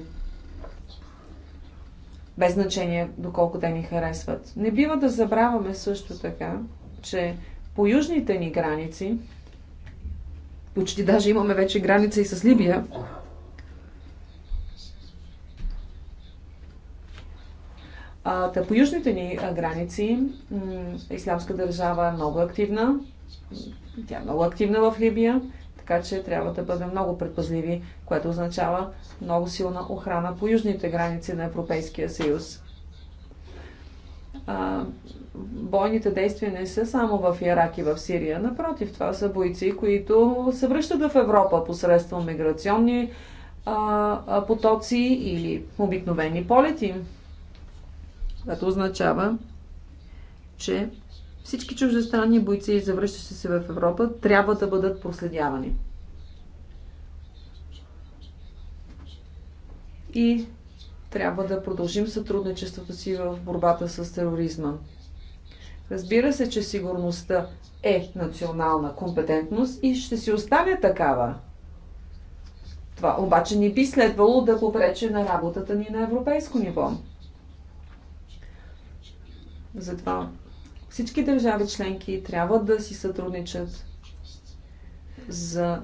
C: Без значение доколко те ни харесват. Не бива да забравяме също така, че по южните ни граници, почти даже имаме вече граница и с Либия, А, та по южните ни граници исламска държава е много активна. Тя е много активна в Либия, така че трябва да бъдем много предпазливи, което означава много силна охрана по южните граници на Европейския съюз а, бойните действия не са само в Ирак и в Сирия. Напротив, това са бойци, които се връщат в Европа посредством миграционни а, потоци или обикновени полети. Което означава, че всички чуждестранни бойци, завръщащи се в Европа, трябва да бъдат проследявани. И трябва да продължим сътрудничеството си в борбата с тероризма. Разбира се, че сигурността е национална компетентност и ще си оставя такава. Това обаче не би следвало да попрече на работата ни на европейско ниво. Затова всички държави членки трябва да си сътрудничат за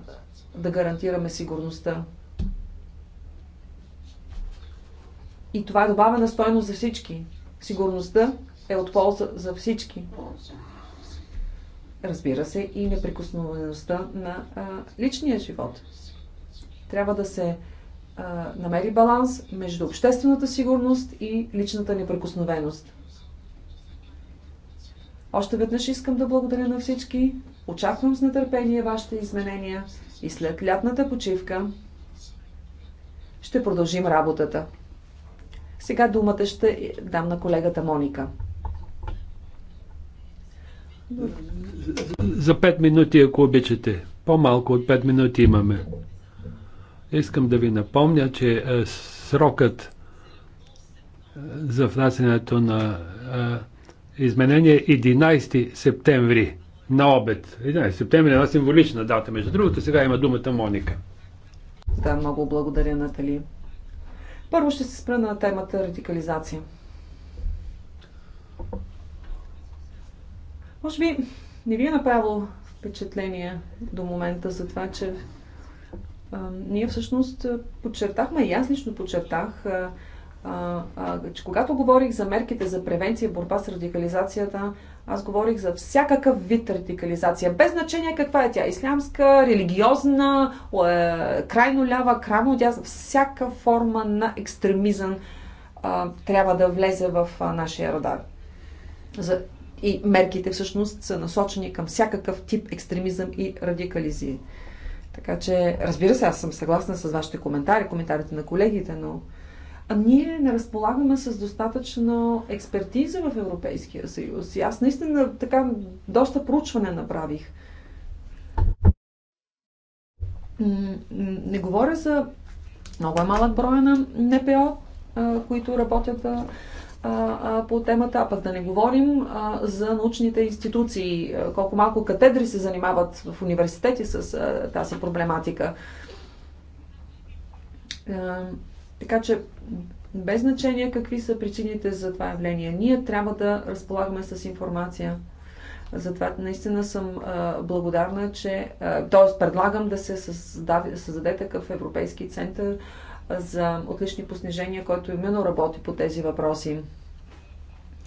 C: да гарантираме сигурността И това е добавена стойност за всички. Сигурността е от полза за всички. Разбира се, и неприкосновеността на а, личния живот. Трябва да се а, намери баланс между обществената сигурност и личната неприкосновеност. Още веднъж искам да благодаря на всички. Очаквам с нетърпение вашите изменения и след лятната почивка ще продължим работата. Сега думата ще дам на колегата Моника.
B: За 5 минути, ако обичате. По-малко от 5 минути имаме. Искам да ви напомня, че е, срокът е, за внасянето на е, изменение 11 септември на обед. 11 септември е една символична дата. Между другото, сега има думата Моника.
C: Да, много благодаря, Натали. Първо ще се спра на темата радикализация. Може би не ви е направило впечатление до момента за това, че а, ние всъщност подчертахме, и аз лично подчертах, а, а, че когато говорих за мерките за превенция, борба с радикализацията, аз говорих за всякакъв вид радикализация, без значение каква е тя. Ислямска, религиозна, е, крайно лява, крайно дясна, всяка форма на екстремизъм трябва да влезе в нашия радар. За, и мерките всъщност са насочени към всякакъв тип екстремизъм и радикализи. Така че, разбира се, аз съм съгласна с вашите коментари, коментарите на колегите, но а ние не разполагаме с достатъчно експертиза в Европейския съюз. И аз наистина така доста проучване направих. Не говоря за много е малък брой на НПО, които работят по темата, а пък да не говорим за научните институции, колко малко катедри се занимават в университети с тази проблематика. Така че, без значение какви са причините за това явление, ние трябва да разполагаме с информация. Затова наистина съм а, благодарна, че. Т.е. предлагам да се създаде, създаде такъв европейски център за отлични поснижения, който именно работи по тези въпроси.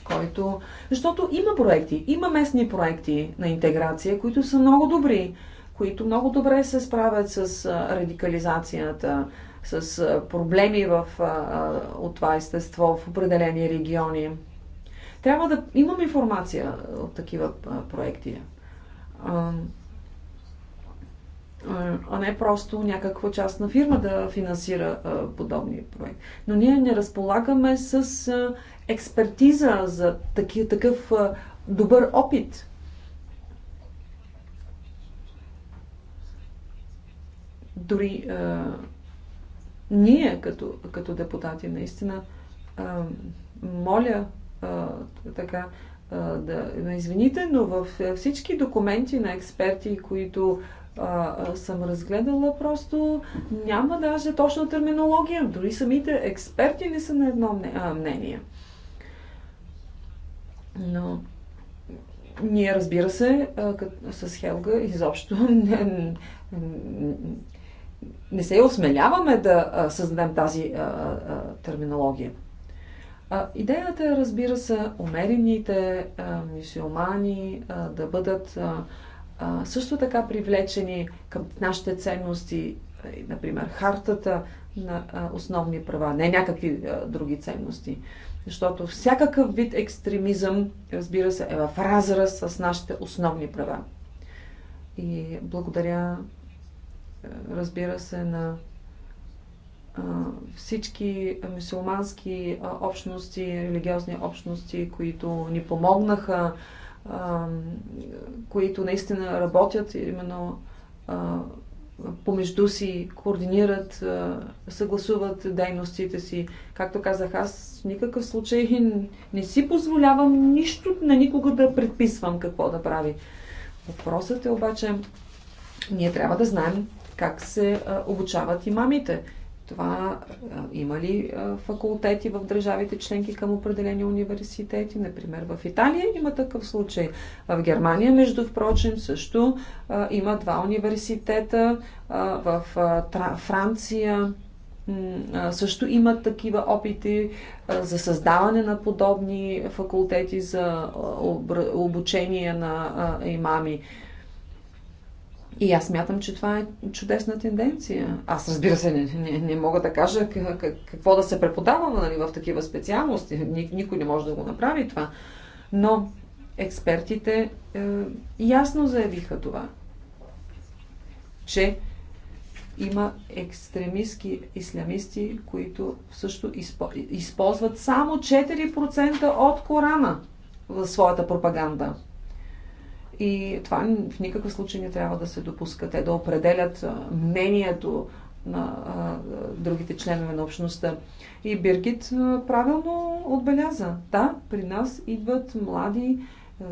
C: Който... Защото има проекти, има местни проекти на интеграция, които са много добри, които много добре се справят с радикализацията, с проблеми в, от това естество в определени региони. Трябва да имам информация от такива проекти. А не просто някаква частна фирма да финансира подобни проекти. Но ние не разполагаме с експертиза за таки, такъв добър опит. Дори ние, като, като депутати, наистина а, моля а, така да извините, но в всички документи на експерти, които а, съм разгледала, просто няма даже точна терминология. Дори самите експерти не са на едно мнение. Но ние, разбира се, с Хелга изобщо не, не се осмеляваме да създадем тази а, а, терминология. А, идеята е, разбира се, умерените мисиомани да бъдат а, а, също така привлечени към нашите ценности, например, хартата на а, основни права, не някакви а, други ценности. Защото всякакъв вид екстремизъм, разбира се, е в разраз с нашите основни права. И благодаря разбира се, на всички мусулмански общности, религиозни общности, които ни помогнаха, които наистина работят именно помежду си, координират, съгласуват дейностите си. Както казах, аз в никакъв случай не си позволявам нищо на никога да предписвам какво да прави. Въпросът е обаче, ние трябва да знаем как се обучават имамите. Това има ли факултети в държавите членки към определени университети? Например, в Италия има такъв случай. В Германия, между впрочем, също има два университета. В Франция също имат такива опити за създаване на подобни факултети за обучение на имами. И аз мятам, че това е чудесна тенденция. Аз разбира се, не, не, не мога да кажа какво да се преподава нали, в такива специалности. Никой не може да го направи това. Но експертите е, ясно заявиха това, че има екстремистски ислямисти, които също използват само 4% от Корана в своята пропаганда. И това в никакъв случай не трябва да се допуска. Те да определят мнението на а, другите членове на общността. И Биркит правилно отбеляза. Да, при нас идват млади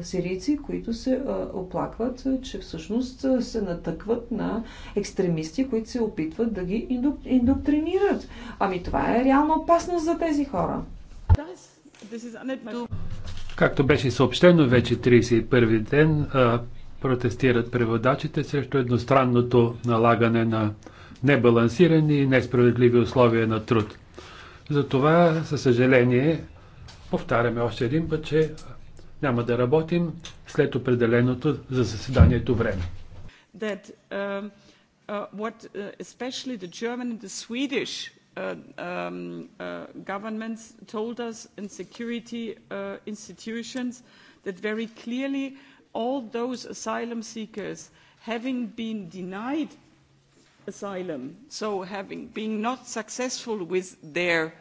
C: сирийци, които се а, оплакват, че всъщност се натъкват на екстремисти, които се опитват да ги индук... индоктринират.
E: Ами това е реална опасност за тези хора.
B: Както беше съобщено вече 31 ден, протестират преводачите срещу едностранното налагане на небалансирани и несправедливи условия на труд. Затова, със съжаление, повтаряме още един път, че няма да работим след определеното за заседанието време.
E: That, uh, uh, what, uh, governments told us and security institutions that very clearly all those asylum seekers having been denied asylum, so having been not successful with their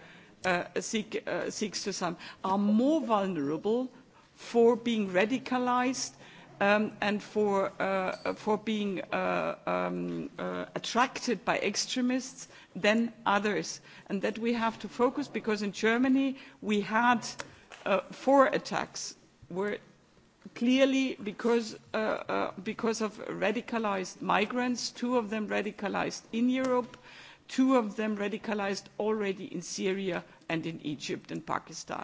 E: seeks to some, are more vulnerable for being radicalised and for being attracted by extremists than others, and that we have to focus because in Germany we had uh, four attacks were clearly because, uh, uh, because of radicalized migrants, two of them radicalized in Europe, two of them radicalized already in Syria and in Egypt and Pakistan.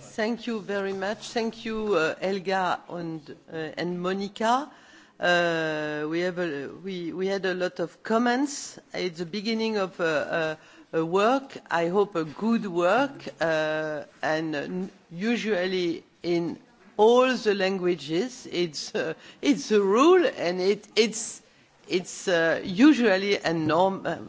E: Thank you very much. Thank you, Helga Elga
A: and, Monica. we, have a, we, we had a lot of comments. It's the beginning of a, work, I hope a good work, and usually in all the languages. It's, uh, it's a rule and it, it's, it's uh, usually a normal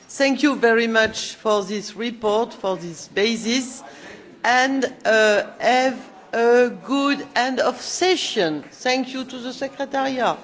A: Thank you very much for this report, for this basis, and have a good end of session. Thank you to the Secretariat.